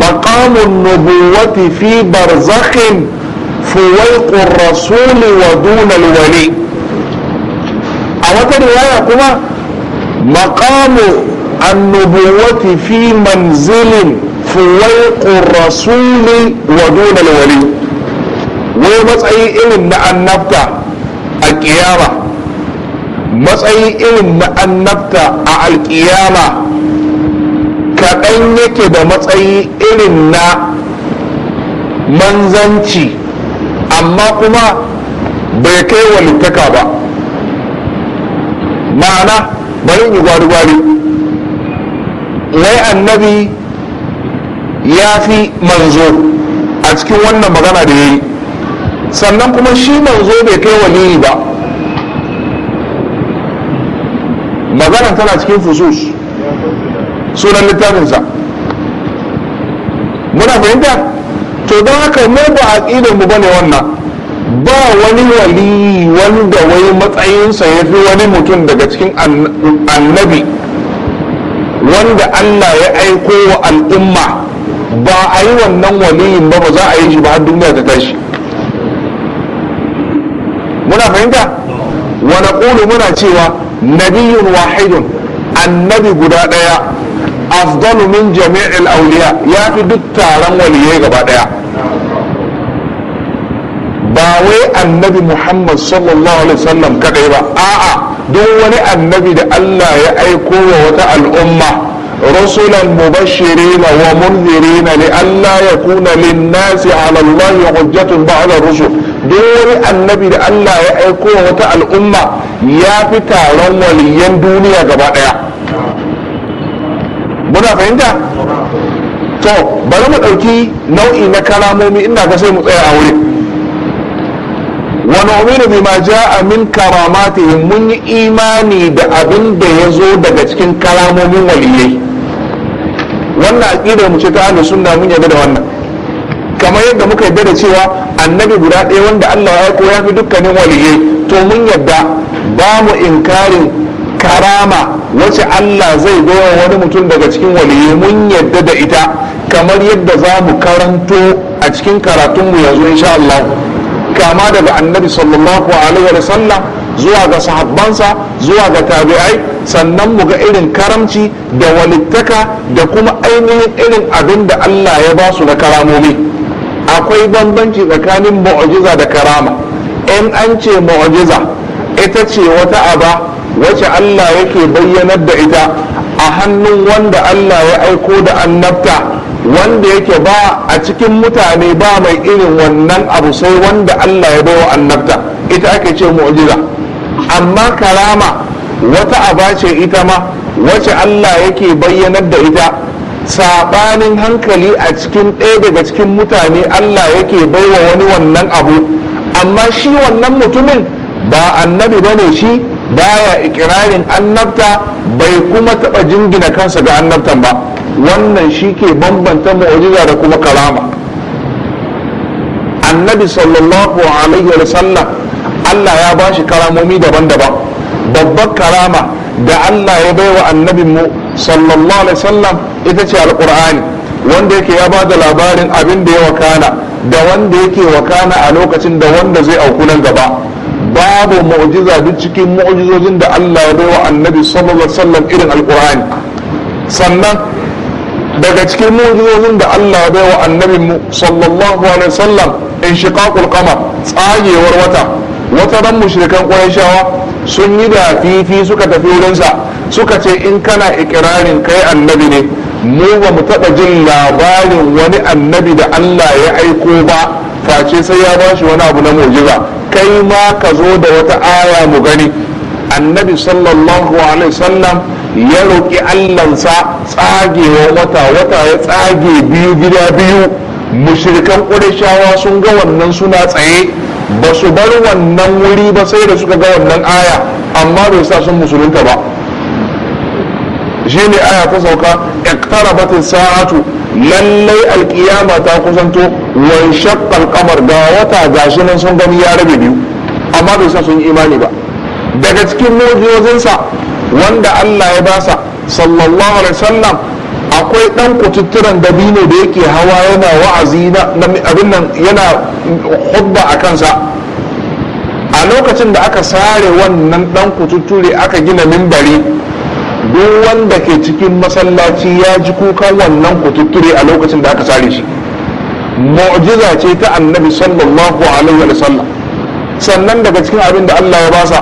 maqamun nubuwati fi barzakhin fuwaiqur rasul wa dun wali a wata riwaya kuma maqamu annubuwati fi manzilin fuwaiqur rasul wa dun wali wai matsayi irin na annabta a kiyama matsayi irin na annabta a alkiyama kaɗan yake da matsayi irin na manzanci amma kuma bai kai walittaka ba ma'ana bari yi gwari-gwari Lai annabi ya fi manzo a cikin wannan magana da ya yi sannan kuma shi manzo bai kai waliyi ba magana tana cikin fusus sunan littafinsa muna fahimta to don haka ne ba aqidar mu bane wannan ba wani wali wanda wai matsayinsa ya fi wani mutum daga cikin annabi wanda Allah ya aiko wa al'umma ba a yi wannan waliyin ba ba za a yi shi ba har duniya ta tashi muna fahimta wa ƙulu muna cewa nabiyyun wahidun annabi guda ɗaya afdalu min jami'il auliya ya fi duk taron waliyai gaba ɗaya. ba wai annabi muhammad sallallahu alaihi ba a'a duk wani annabi da allah ya aiko wa wata al'umma رسلا مبشرين ومنذرين لئلا يكون للناس على الله حجة بعد الرسل duk wani annabi da Allah ya aiko wata al'umma ya fi taron waliyan duniya gaba daya muna fahimta to bari mu ɗauki nau'i na kalamomi ina ga sai mu tsaya a wurin wani umiru bi ma a min karamatihim mun yi imani da abin da ya zo daga cikin kalamomin waliyai wannan aƙidar mu ce ta ahlus sunna mun yabi da wannan kamar yadda muka yadda da cewa annabi guda ɗaya wanda Allah ya koya fi dukkanin waliyai to mun yadda ba mu inkarin karama wacce Allah zai baiwa wani mutum daga cikin waliyai mun yadda da ita kamar yadda za mu karanto a cikin karatunmu yanzu insha Allah kama daga annabi sallallahu alaihi wa sallam zuwa ga sahabbansa zuwa ga tabi'ai sannan mu ga irin karamci da walittaka da kuma ainihin irin abin da Allah ya ba su na karamomi akwai bambanci tsakanin mu'jiza da karama in an ce mu'jiza ita ce wata aba wacce Allah yake bayyanar da ita a hannun wanda Allah ya aiko da annabta wanda yake ba a cikin mutane ba mai irin wannan abu sai wanda Allah ya bawa annabta ita ake ce mu'jiza amma karama wata aba ce ita ma wace Allah yake bayyanar da ita saɓanin hankali a cikin ɗaya daga cikin mutane Allah yake baiwa wani wannan abu amma shi wannan mutumin ba annabi bane shi baya ikirarin annabta bai kuma taɓa jingina kansa ga annabtan ba wannan shi ke bambanta mu'ujiza da kuma karama annabi sallallahu alaihi wa Allah ya ba shi karamomi daban-daban babbar karama da Allah ya baiwa annabin mu sallallahu alaihi wasallam ita ce alqur'ani wanda yake ya ba da labarin abin da ya wakana da wanda yake wakana a lokacin da wanda zai auku nan gaba babu mu'jiza duk cikin mu'jizojin da Allah ya bai wa annabi sallallahu alaihi wasallam irin alqur'ani sannan daga cikin mu'jizojin da Allah ya baiwa annabin mu sallallahu alaihi wasallam inshiqaqul qamar tsagewar wata wata ran mushrikan qurayshawa sun yi da fifi suka tafi wurinsa suka ce in kana ikirarin kai annabi ne mu ba mu taɓa jin labarin wani annabi da allah ya aiko ba face sai ya ba shi wani abu na mujiza kai ma ka zo da wata aya mu gani annabi sallallahu alaihi sallam ya roƙi allansa tsagewa wata wata ya tsage biyu gida biyu mushirikan ƙudashawa sun ga wannan suna tsaye ba su bar wannan wuri ba sai da suka ga wannan aya amma bai sa sun musulunta ba shi ne aya ta sauka iqtarabatis sa'atu lallai alkiyama ta kusanto wan shaqqal qamar ga wata gashi nan sun gani ya rabe biyu amma bai sa sun yi imani ba daga cikin mu'jizojinsa wanda Allah ya basa sallallahu alaihi wasallam akwai ɗan kututturen dabino da yake hawa yana wa'azi na abin nan yana hudba a kansa a lokacin da aka sare wannan ɗan kututture aka gina mimbari duk wanda ke cikin masallaci ya ji kukan wannan kututture a lokacin da aka sare shi mu'jiza ce ta annabi sallallahu alaihi wa sallam sannan daga cikin abin da Allah ya basa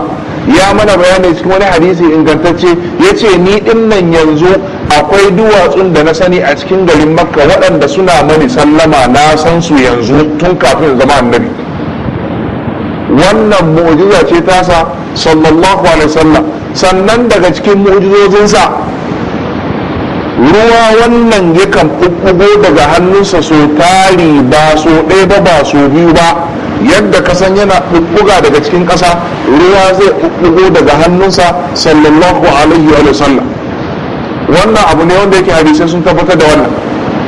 ya mana bayani cikin wani hadisi ingantacce ya ce ni din nan yanzu akwai duwatsun da na sani a cikin garin makka waɗanda suna mani sallama na san su yanzu tun kafin zama annabi wannan mu'jiza ce tasa sallallahu alaihi wasallam sannan daga cikin mu'jizozinsa ruwa wannan yakan kan daga hannunsa so tari ba so ɗaya ba ba so biyu ba yadda kasan yana ɗuɓɓuga daga cikin ƙasa ruwa zai ɗuɓɓugo daga hannunsa sallallahu alaihi wa sallam wannan abu ne wanda yake hadisi sun tabbatar da wannan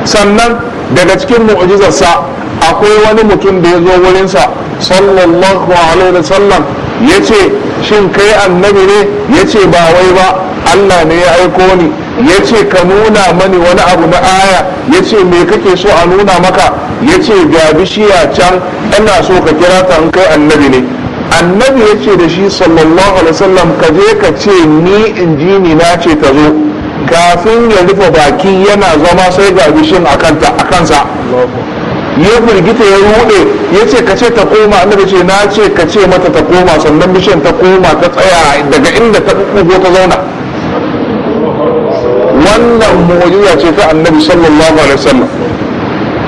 sannan daga cikin mu'jizarsa akwai wani mutum da ya zo wurinsa sallallahu alaihi wa sallam ya ce shin kai annabi ne ya ce ba wai ba allah ne ya aiko ni ya ce ka nuna mani wani abu na aya ya ce me kake so a nuna maka ya ce ga bishiya can ana so ka kira ta in kai annabi ne annabi ya ce da shi sallallahu alaihi wasallam ka je ka ce ni injini na ce ka zo kafin ya rufe baki yana zama sai ga bishin a kansa ya firgita ya rude ya ce ka ce ta koma annabi ce na ce ka ce mata ta koma sannan bishin ta koma ta tsaya daga inda ta kugo ta zauna wannan mu'jiza ce ta annabi sallallahu alaihi wasallam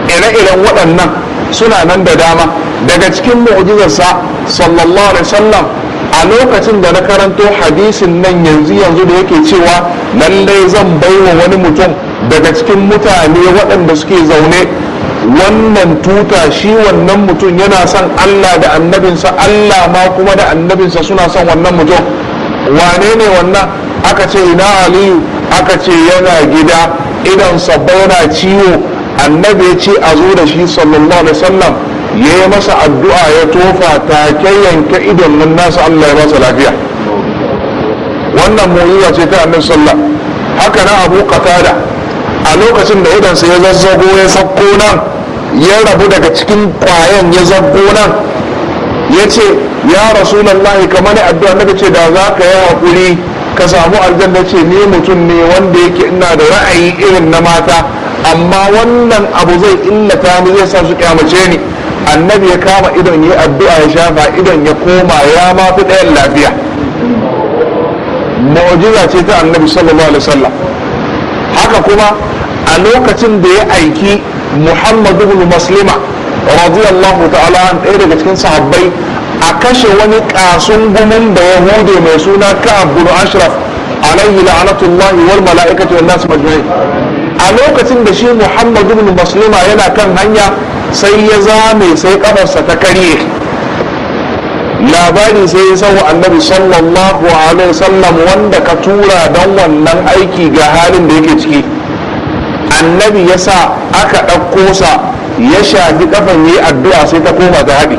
ire-iren waɗannan suna nan da dama daga cikin mu'jizarsa sallallahu alaihi wasallam a lokacin da na karanto hadisin nan yanzu yanzu da yake cewa lallai zan baiwa wani mutum daga cikin mutane waɗanda suke zaune wannan tuta shi wannan mutum yana son Allah da annabinsa Allah ma kuma da annabinsa suna son wannan mutum wane ne wannan aka ce ina aliyu aka ce yana gida idan sabauna ciwo annabi ya ce a zo da shi sallallahu alaihi wasallam ya yi masa addu'a ya tofa ke yanka idon nan nasa Allah ya masa lafiya wannan mu'ujiza ce ta annabi sallah. haka na Abu Qatada a lokacin da idansa ya zazzago ya sakko nan ya rabu daga cikin kwayan ya zazzago nan ya ce ya rasulallahi kamar ne addu'a na ce da za ka yi haƙuri ka samu aljanna ce ni mutum ne wanda yake ina da ra'ayi irin na mata amma wannan abu zai illata ni zai sa su kyamace ni annabi ya kama idon ya addu'a ya shafa idon ya koma ya ma fi ɗayan lafiya mu'jiza ce ta annabi sallallahu alaihi wasallam haka kuma a lokacin da ya aiki muhammadu bin maslima radiyallahu ta'ala ɗaya daga cikin sahabbai a kashe wani ƙasun gumin da yahude mai suna ka bin ashraf alaihi la'anatullahi wal mala'ikatu wan nas majma'in a lokacin da shi muhammad ibn masluma yana kan hanya sai ya zame sai kafarsa ta karye labari sai ya sau annabi sallallahu alaihi wasallam wanda ka tura don wannan aiki ga halin da yake ciki annabi ya sa aka ɗauko sa ya shafi kafan yi addu'a sai ta koma ta haɗi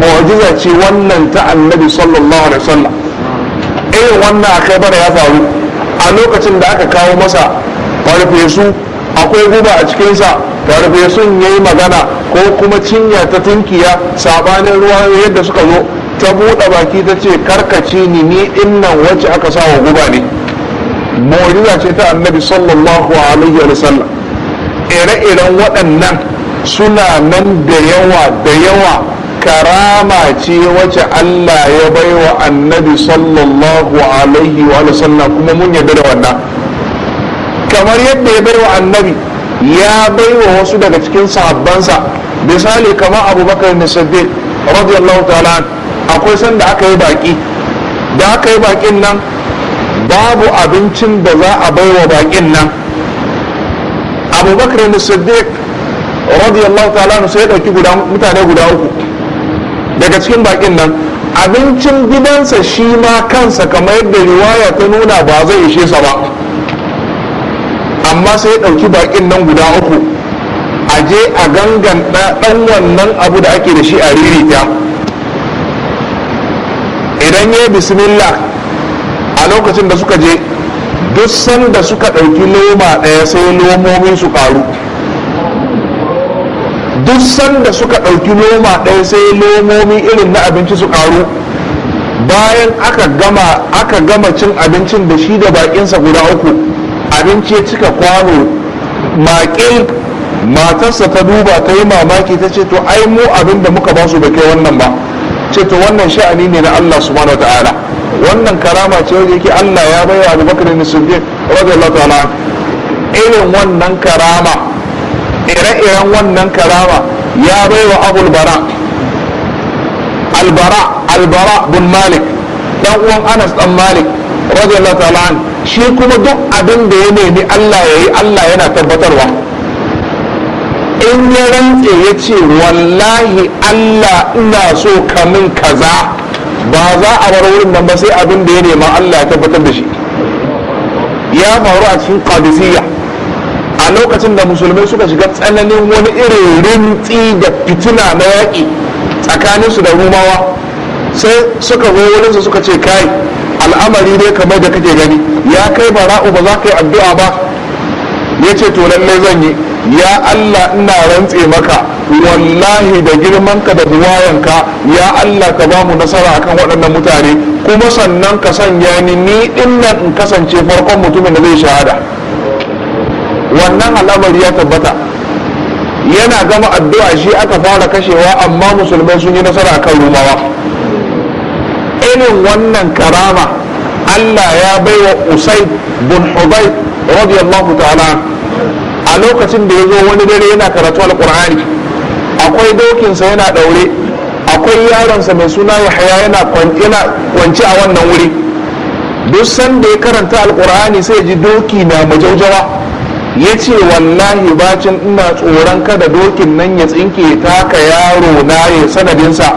mu'jiza ce wannan ta annabi sallallahu alaihi wasallam irin wannan akai bara ya faru a lokacin da aka kawo masa farfesu akwai guba a cikinsa farfesun ya yi magana ko kuma cinya ta tunkiya sabanin ruwa yadda suka zo ta buɗe baki ta ce karkaci ni ni din nan wacce aka sa wa guba ne mu'jiza ce ta annabi sallallahu alaihi wa sallam ire-iren waɗannan suna nan da yawa da yawa karama ce wacce Allah ya baiwa annabi sallallahu alaihi wa sallam kuma mun yarda da wannan kamar yadda ya baiwa annabi ya baiwa wasu daga cikin sahabbansa misali kamar abubakar na sabbi radiyallahu ta'ala akwai sanda aka yi baki da aka yi bakin nan babu abincin da za a baiwa bakin nan abubakar na sabbi radiyallahu ta'ala sai ya ɗauki mutane guda uku daga cikin bakin nan abincin gidansa shi ma kansa kamar yadda riwaya ta nuna ba zai ishe sa ba amma sai ya ɗauki baƙin nan guda uku a je a gangan ɗan wannan abu da ake da shi a ririta idan ya bismillah a lokacin da suka je duk sanda suka ɗauki loma ɗaya sai lomomin su ƙaru duk sanda suka ɗauki loma ɗaya sai lomomi irin na abinci su ƙaru bayan aka gama aka gama cin abincin da shi da baƙinsa guda uku abinci ya cika kwano makil matarsa ta duba ta yi mamaki ta ce to ai mu abin da muka basu da kai wannan ba ce to wannan sha'ani ne na Allah subhanahu wa ta'ala wannan karama ce wanda yake Allah ya bai wa Abubakar ne sirri radiyallahu ta'ala irin wannan karama ire-iren wannan karama ya bai wa Abul Bara Albara Albara bin Malik dan uwan Anas dan Malik radiyallahu ta'ala shi kuma duk abin da ya nemi Allah ya yi Allah yana tabbatarwa in ya rantse ya ce wallahi Allah ina so kamin kaza ba za a bar wurin nan ba sai abin da ya nema Allah ya tabbatar da shi ya faru a cikin qadisiyya a lokacin da musulmai suka shiga tsananin wani irin rintsi da fitina na yaƙi tsakaninsu da rumawa sai suka zo wurinsa suka ce kai al'amari ne kamar da kake gani ya kai bara'u ba za ka yi addu'a ba ya ce to lallai zan yi ya Allah ina rantse maka wallahi da girmanka da buwayanka ya Allah ka ba mu nasara akan waɗannan mutane kuma sannan ka sanya ni ni dinnan in kasance farkon mutumin da zai shahada wannan al'amari ya tabbata yana gama addu'a shi aka fara kashewa amma musulmai sun yi nasara akan rumawa irin wannan karama Allah ya baiwa Usaid bin Hudayb radiyallahu ta'ala a lokacin da ya zo wani dare yana karatu Al-Qur'ani. akwai dokinsa yana daure akwai yaronsa mai suna Yahaya yana kwanci a wannan wuri duk sanda ya karanta Al-Qur'ani sai ji doki na majaujawa ya ce wallahi bacin ina tsoron kada dokin nan ya tsinke taka yaro na ya sanadinsa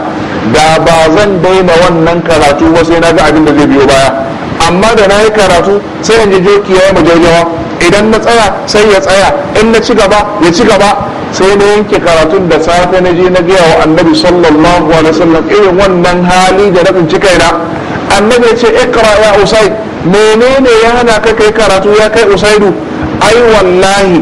da ba zan daina wannan karatu ba sai na ga abin da zai biyo baya amma da na yi karatu sai in ji joki ya yi majajawa idan na tsaya sai ya tsaya in na ci gaba ya ci gaba sai na yanke karatun da safe na je na gaya wa annabi sallallahu alaihi wasallam irin wannan hali da na ci kaina annabi ya ce ikra ya usai menene ya hana ka kai karatu ya kai usaidu ai wallahi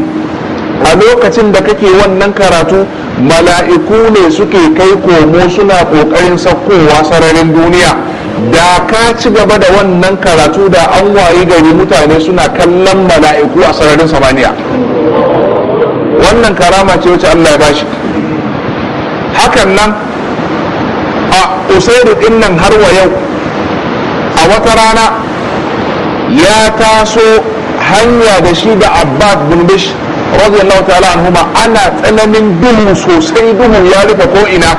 a lokacin da kake wannan karatu mala'iku ne suke kai komo suna ƙoƙarin saukowa sararin duniya da ka ci gaba da wannan karatu da an wayi gari mutane suna kallon mala'iku a sararin samaniya wannan karama ce wacce allah ya bashi hakan nan a usairu din nan har wa yau a wata rana ya taso hanya da shi da abbas bin bish radiyallahu ta'ala anhuma ana tsananin duhu sosai duhu ya rufe ko'ina,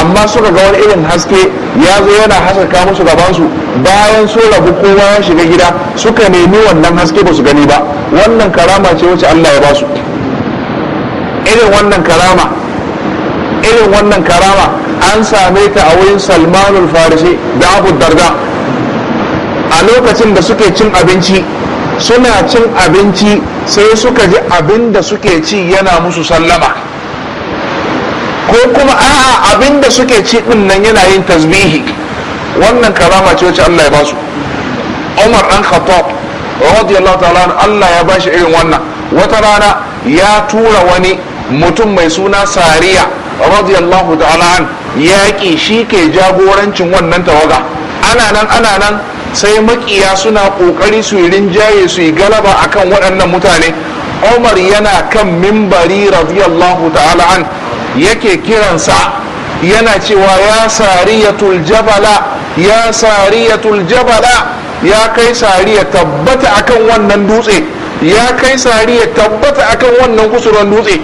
amma suka ga wani irin haske ya zo yana haskaka musu gabansu bayan sun rabu kowa ya shiga gida suka nemi wannan haske ba su gani ba wannan karama ce wacce Allah ya ba su irin wannan karama irin wannan karama an same ta a wurin salmanul farisi da abu darda a lokacin da suke cin abinci suna cin abinci sai suka ji abin da suke ci yana musu sallama ko kuma a'a abin da suke ci din nan yana yin tasbihi wannan karama ce wacce Allah ya ba su Umar dan Khattab radiyallahu ta'ala Allah ya bashi irin wannan wata rana ya tura wani mutum mai suna Sariya radiyallahu ta'ala an yaƙi shi ke jagorancin wannan tawaga ana nan ana nan sai makiya suna kokari su yi rinjaye su yi galaba akan waɗannan mutane umar yana kan mimbari radiyallahu ta'ala an yake kiransa yana cewa ya sariyatul jabala ya sariyatul jabala ya kai sariya tabbata akan wannan dutse ya kai sariya tabbata akan wannan kusurwan dutse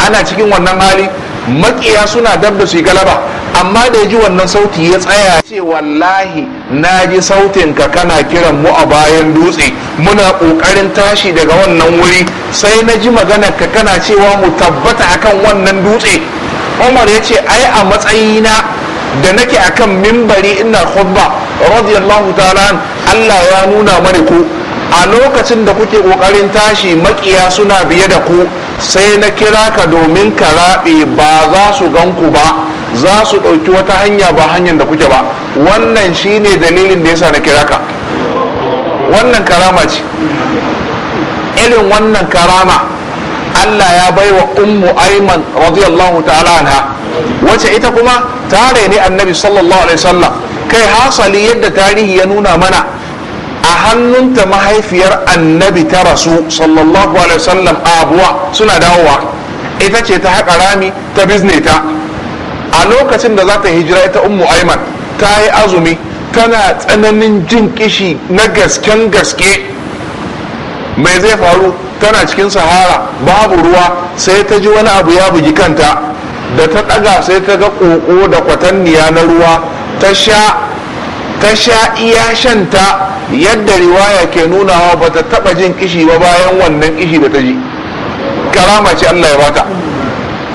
ana cikin wannan hali makiya suna dab da su yi galaba amma da ya ji wannan sauti ya tsaya ce wallahi na ji sautin ka kana kiran mu a bayan dutse muna ƙoƙarin tashi daga wannan wuri sai na ji magana ka kana cewa mu tabbata akan wannan dutse umar ya ce ai a matsayina da nake akan mimbari ina khutba radiyallahu ta'ala Allah ya nuna mani ku a lokacin da kuke ƙoƙarin tashi makiya suna biye da ku sai na kira ka domin ka rabe ba za su gan ku ba za su ɗauki wata hanya ba hanyar da kuke ba wannan shine dalilin da yasa na kira ka wannan karama ce irin wannan karama Allah ya bai wa ummu aiman radiyallahu ta'ala anha wace ita kuma tare ne annabi sallallahu alaihi wasallam kai hasali yadda tarihi ya nuna mana a hannunta mahaifiyar annabi ta rasu sallallahu alaihi wasallam abuwa suna dawowa ita ce ta haƙa rami ta bizne ta a lokacin da za ta hijira ita ummu aiman ta yi azumi tana tsananin jin kishi na gasken gaske mai zai faru tana cikin sahara babu ruwa sai ta ji wani abu ya bugi kanta da ta ɗaga sai ta ga ƙoƙo da kwatanniya na ruwa ta sha ta sha iya shanta yadda riwaya ke nunawa ba ta taɓa jin kishi ba bayan wannan kishi da ta ji karama ce allah ya bata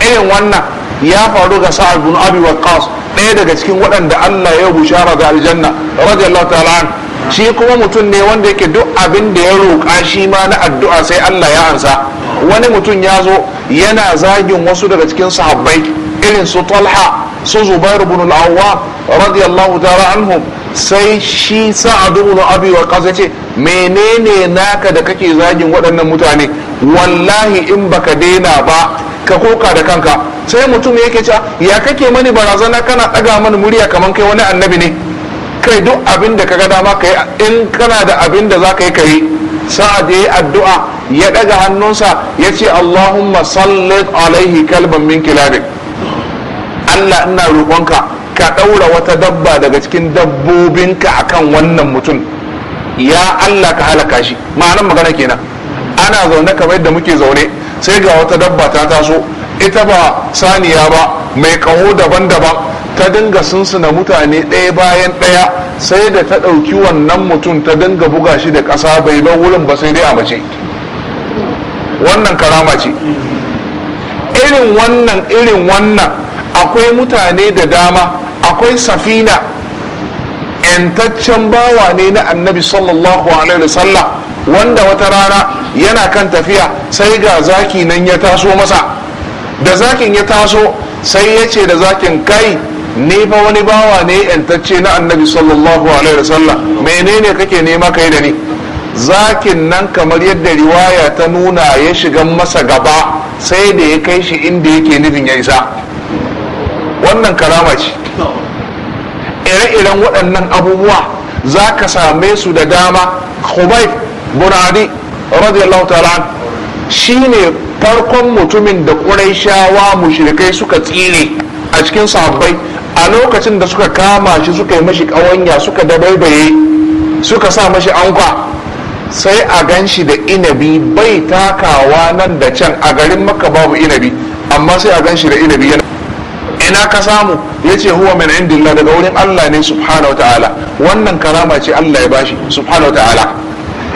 irin wannan ya faru ga sa'ad bin abi waqqas ɗaya daga cikin waɗanda Allah ya bushara da aljanna radiyallahu ta'ala an shi kuma mutum ne wanda yake duk abin da ya roƙa shi ma na addu'a sai Allah ya ansa wani mutum ya zo yana zagin wasu daga cikin sahabbai irin su Talha su Zubair bin al-Awwam radiyallahu ta'ala anhum sai shi sa'adu ibn wa waqas yace menene naka da kake zagin waɗannan mutane wallahi in baka daina ba ka koka da kanka sai mutum yake cewa ya kake mani barazana kana ɗaga mani murya kamar kai wani annabi ne kai duk abin da kaga dama kai in kana da abin da za ka yi kai sa'ad yayi addu'a ya ɗaga hannunsa ya ce Allahumma sallit alaihi kalban min kilabik Allah ina roƙonka ka ɗaura wata dabba daga cikin dabbobinka kan wannan mutum ya Allah ka halaka shi ma'anar magana kenan ana zaune kamar yadda muke zaune sai ga wata dabba ta taso ita ba saniya ba mai kaho daban-daban ta dinga sunsuna mutane ɗaya bayan ɗaya sai da ta ɗauki wannan mutum ta dinga buga shi da ƙasa bai bar wurin ba sai dai a mace wannan karama ce irin wannan irin wannan akwai mutane da dama akwai safina yantaccen bawa ne na annabi sallallahu alaihi wasallam wanda wata rana yana kan tafiya sai ga zaki nan ya taso masa da zakin ya taso sai ya ce da zakin kai nefa fa wani bawa ne yantacce na annabi sallallahu alaihi wasallam menene kake nema kai da ni zakin nan kamar yadda riwaya ta nuna ya shiga masa gaba sai da ya kai shi inda yake nufin ya isa wannan karama ce ire-iren waɗannan abubuwa za ka same su da dama khubayb buradi radiyallahu ta'ala shi ne farkon mutumin da ƙuraishawa mushrikai suka tsire a cikin sabbai a lokacin da suka kama shi suka yi mashi ƙawanya suka dabaibaye suka sa mashi anka sai a gan shi da inabi bai takawa nan da can a garin maka babu inabi amma sai a gan shi da inabi ina ka samu ya ce huwa min indillah daga wurin Allah ne subhanahu ta'ala wannan karama ce Allah ya bashi subhanahu ta'ala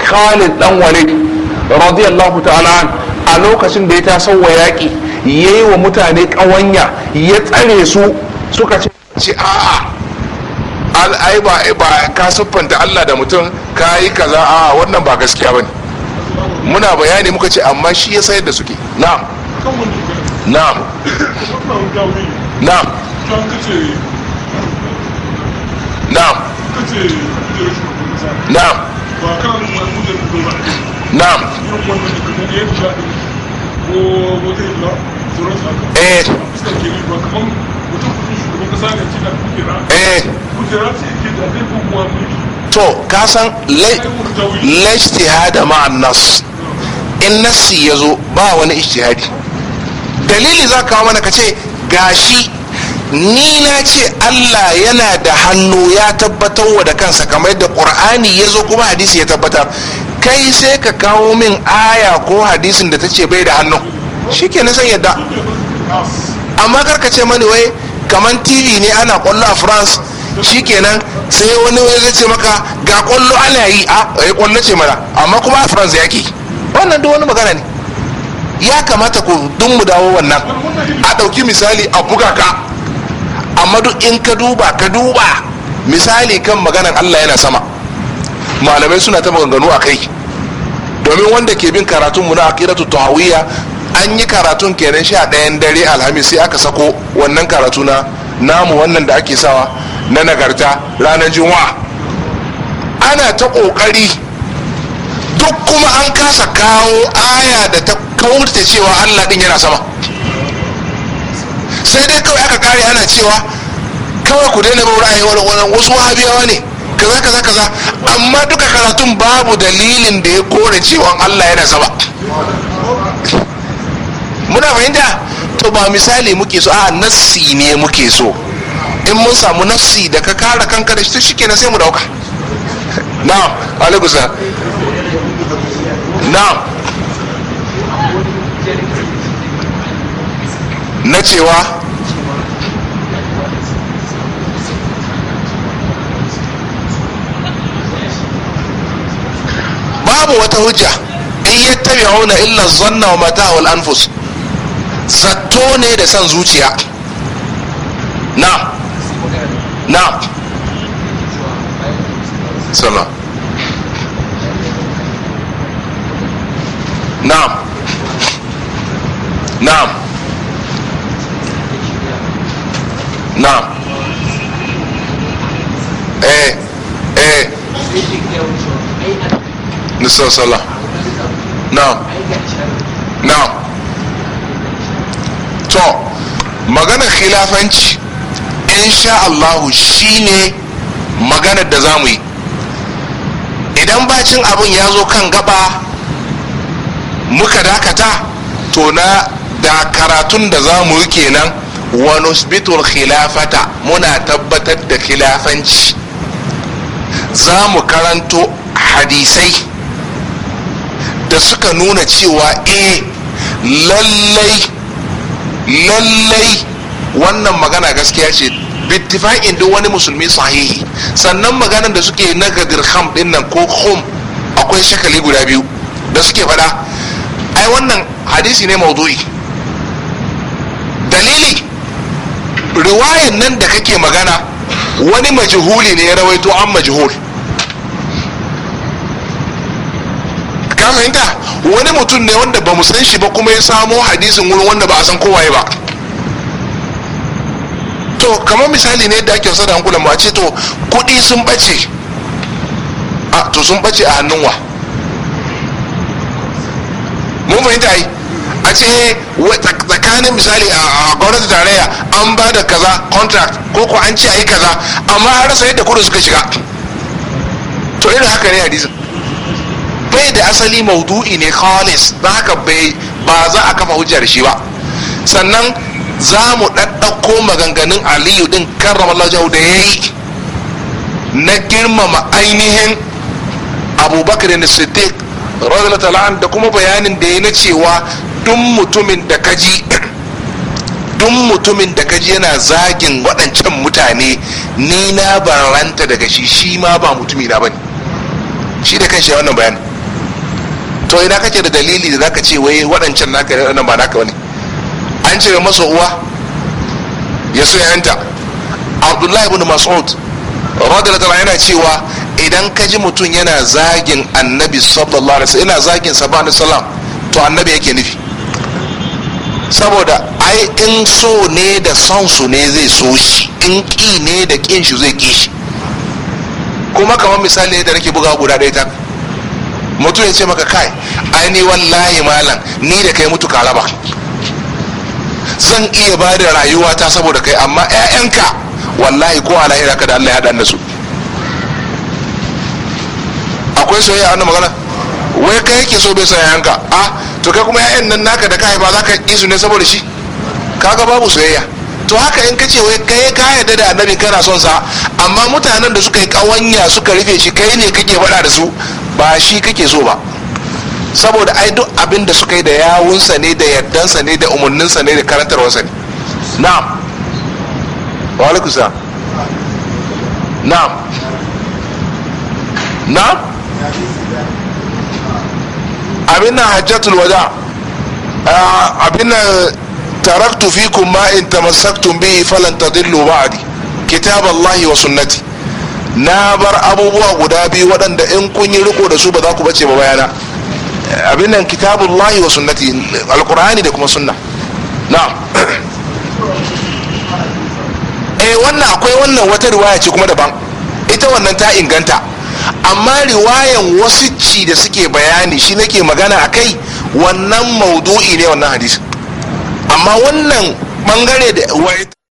Khalid dan Walid radiyallahu ta'ala a lokacin da ya taso wa yaƙi yi wa mutane ƙawanya ya tsare su suka ce a'a ai ba ka siffanta Allah da mutum ka yi kaza a wannan ba gaskiya bane muna bayani muka ce amma shi ya sayar da suke na'am na'am na'am na'am na'am na'am eh, eh. to ka san laishtihada ma'an nasu in nassi ya zo ba wani istihadi dalili za ka kawo mana ka ce gashi ni na ce Allah yana da hannu ya tabbatar wa da kansa kamar yadda ƙur'ani ya zo kuma hadisi ya tabbatar kai sai ka kawo min aya ko hadisin da ta ce bai da hannu shi ke nisan yadda amma karka ce mani wai kamar tv ne ana kwallo a france shi kenan sai wani wani zai ce maka ga kwallo ana yi a eh, kwallo ce mana amma kuma a france yaki wannan duk wani magana ne ya kamata ku dun mu dawo wannan a ɗauki misali a buga ka amma duk in ka duba ka duba misali kan maganan allah yana sama malamai suna ta maganganu a kai domin wanda ke bin karatun mu na akidatu tahawiyya an yi karatun kenan sha ɗayan dare alhamis sai aka sako wannan karatu na namu wannan da ake sawa na nagarta ranar juma'a ana ta ƙoƙari duk kuma an kasa kawo aya da ta kawunta cewa allah din yana sama sai dai kawai aka kare ana cewa kawai ku daina bau ra'ayi wani wasu wahabiyawa ne kaza kaza kaza amma duka karatun babu dalilin da ya kore cewa allah yana sama muna fahimta to ba misali muke so a nassi ne muke so in mun samu nassi da ka kara kanka da shi to shikenan sai mu dauka na'am alaikusa na'am na cewa babu wata hujja in auna illa zanna wa mata'ul anfus zato ne da san zuciya na na sallallahu na'am na'am na'am eh eh nisan sala. na'am na'am to maganar khilafanci insha Allahu shine maganar da zamu yi idan bacin abin ya zo kan gaba muka dakata to na da karatun da za mu yi kenan wani hospital khilafata muna tabbatar da khilafanci za mu karanto hadisai da suka nuna cewa eh lallai lallai wannan magana gaskiya ce bittifa'in duk wani musulmi sahihi sannan maganar da suke na gadir ham din nan ko hum akwai shakali guda biyu da suke fada ai wannan hadisi ne maudu'i dalili riwayan nan da kake magana wani majihuli ne ya rawaito an majihul ka fahimta wani mutum ne wanda ba mu san shi ba kuma ya samo hadisin wurin wanda ba a san kowaye ba to kamar misali ne da ake wasa da hankula ba ce to kudi sun bace a to sun bace a hannun wa mun fahimta yi a ce tsakanin misali a gwamnati tarayya an ba da kaza contract ko ko an ce a yi kaza amma har rasa yadda kudu suka shiga to irin haka ne hadisin bai da asali maudu'i ne khalis don haka bai ba za a kafa hujja shi ba sannan za mu ɗaɗɗauko maganganun aliyu ɗin karramallahu jahu da ya yi na girmama ainihin abubakar da siddiq radiyallahu da kuma bayanin da ya na cewa duk mutumin da kaji duk mutumin da kaji yana zagin waɗancan mutane ni na baranta daga shi shi ma ba mutumi na bane shi da kanshi wannan bayani to ina kake da dalili da zaka ce wai waɗancan naka ne wannan ba naka bane an ce masa uwa ya so ya yanta abdullahi ibn mas'ud radiyallahu yana cewa idan ka ji mutum yana zagin annabi sallallahu alaihi wasallam yana zagin sa bani salam to annabi yake nufi saboda ai in so ne da son su ne zai so shi in ki ne da kin shi zai ki shi kuma kamar misali da nake buga guda ɗaya ta mutum ya ce maka kai ai ni wallahi malam ni da kai mutu kalaba zan iya ba da rayuwata saboda kai amma 'ya'yanka wallahi ko a lahira ka da Allah ya haɗa da su akwai soyayya a magana wai kai yake so bai soyayya yanka a to kai kuma ya'yan nan naka da ka ba za ka yi su ne saboda shi kaga babu soyayya to haka in ka ce wai kai ka yarda da annabi kana son sa amma mutanen da suka yi kawanya suka rufe shi kai ne kake faɗa da su ba shi kake so ba saboda ai duk abin da suka yi da yawunsa ne da yardansa ne da umarninsa ne da karantarwarsa ne na'am wa alaikusa na'am na'am abin na hajjatul wada ah, abin na taraktu fikum ma in tamassaktum bihi falan tadillu ba'di kitab Allah wa sunnati na bar abubuwa guda biyu waɗanda in kun yi riko da su ba za ku bace ba bayana abin nan kitabullahi wa sunnati Alƙur'ani da kuma sunna na'am eh wannan akwai wannan wata riwaya ce kuma daban ita wannan ta inganta amma riwayan wasu ci da suke bayani shi nake magana a kai wannan maudu'i ne wannan hadisi amma wannan bangare da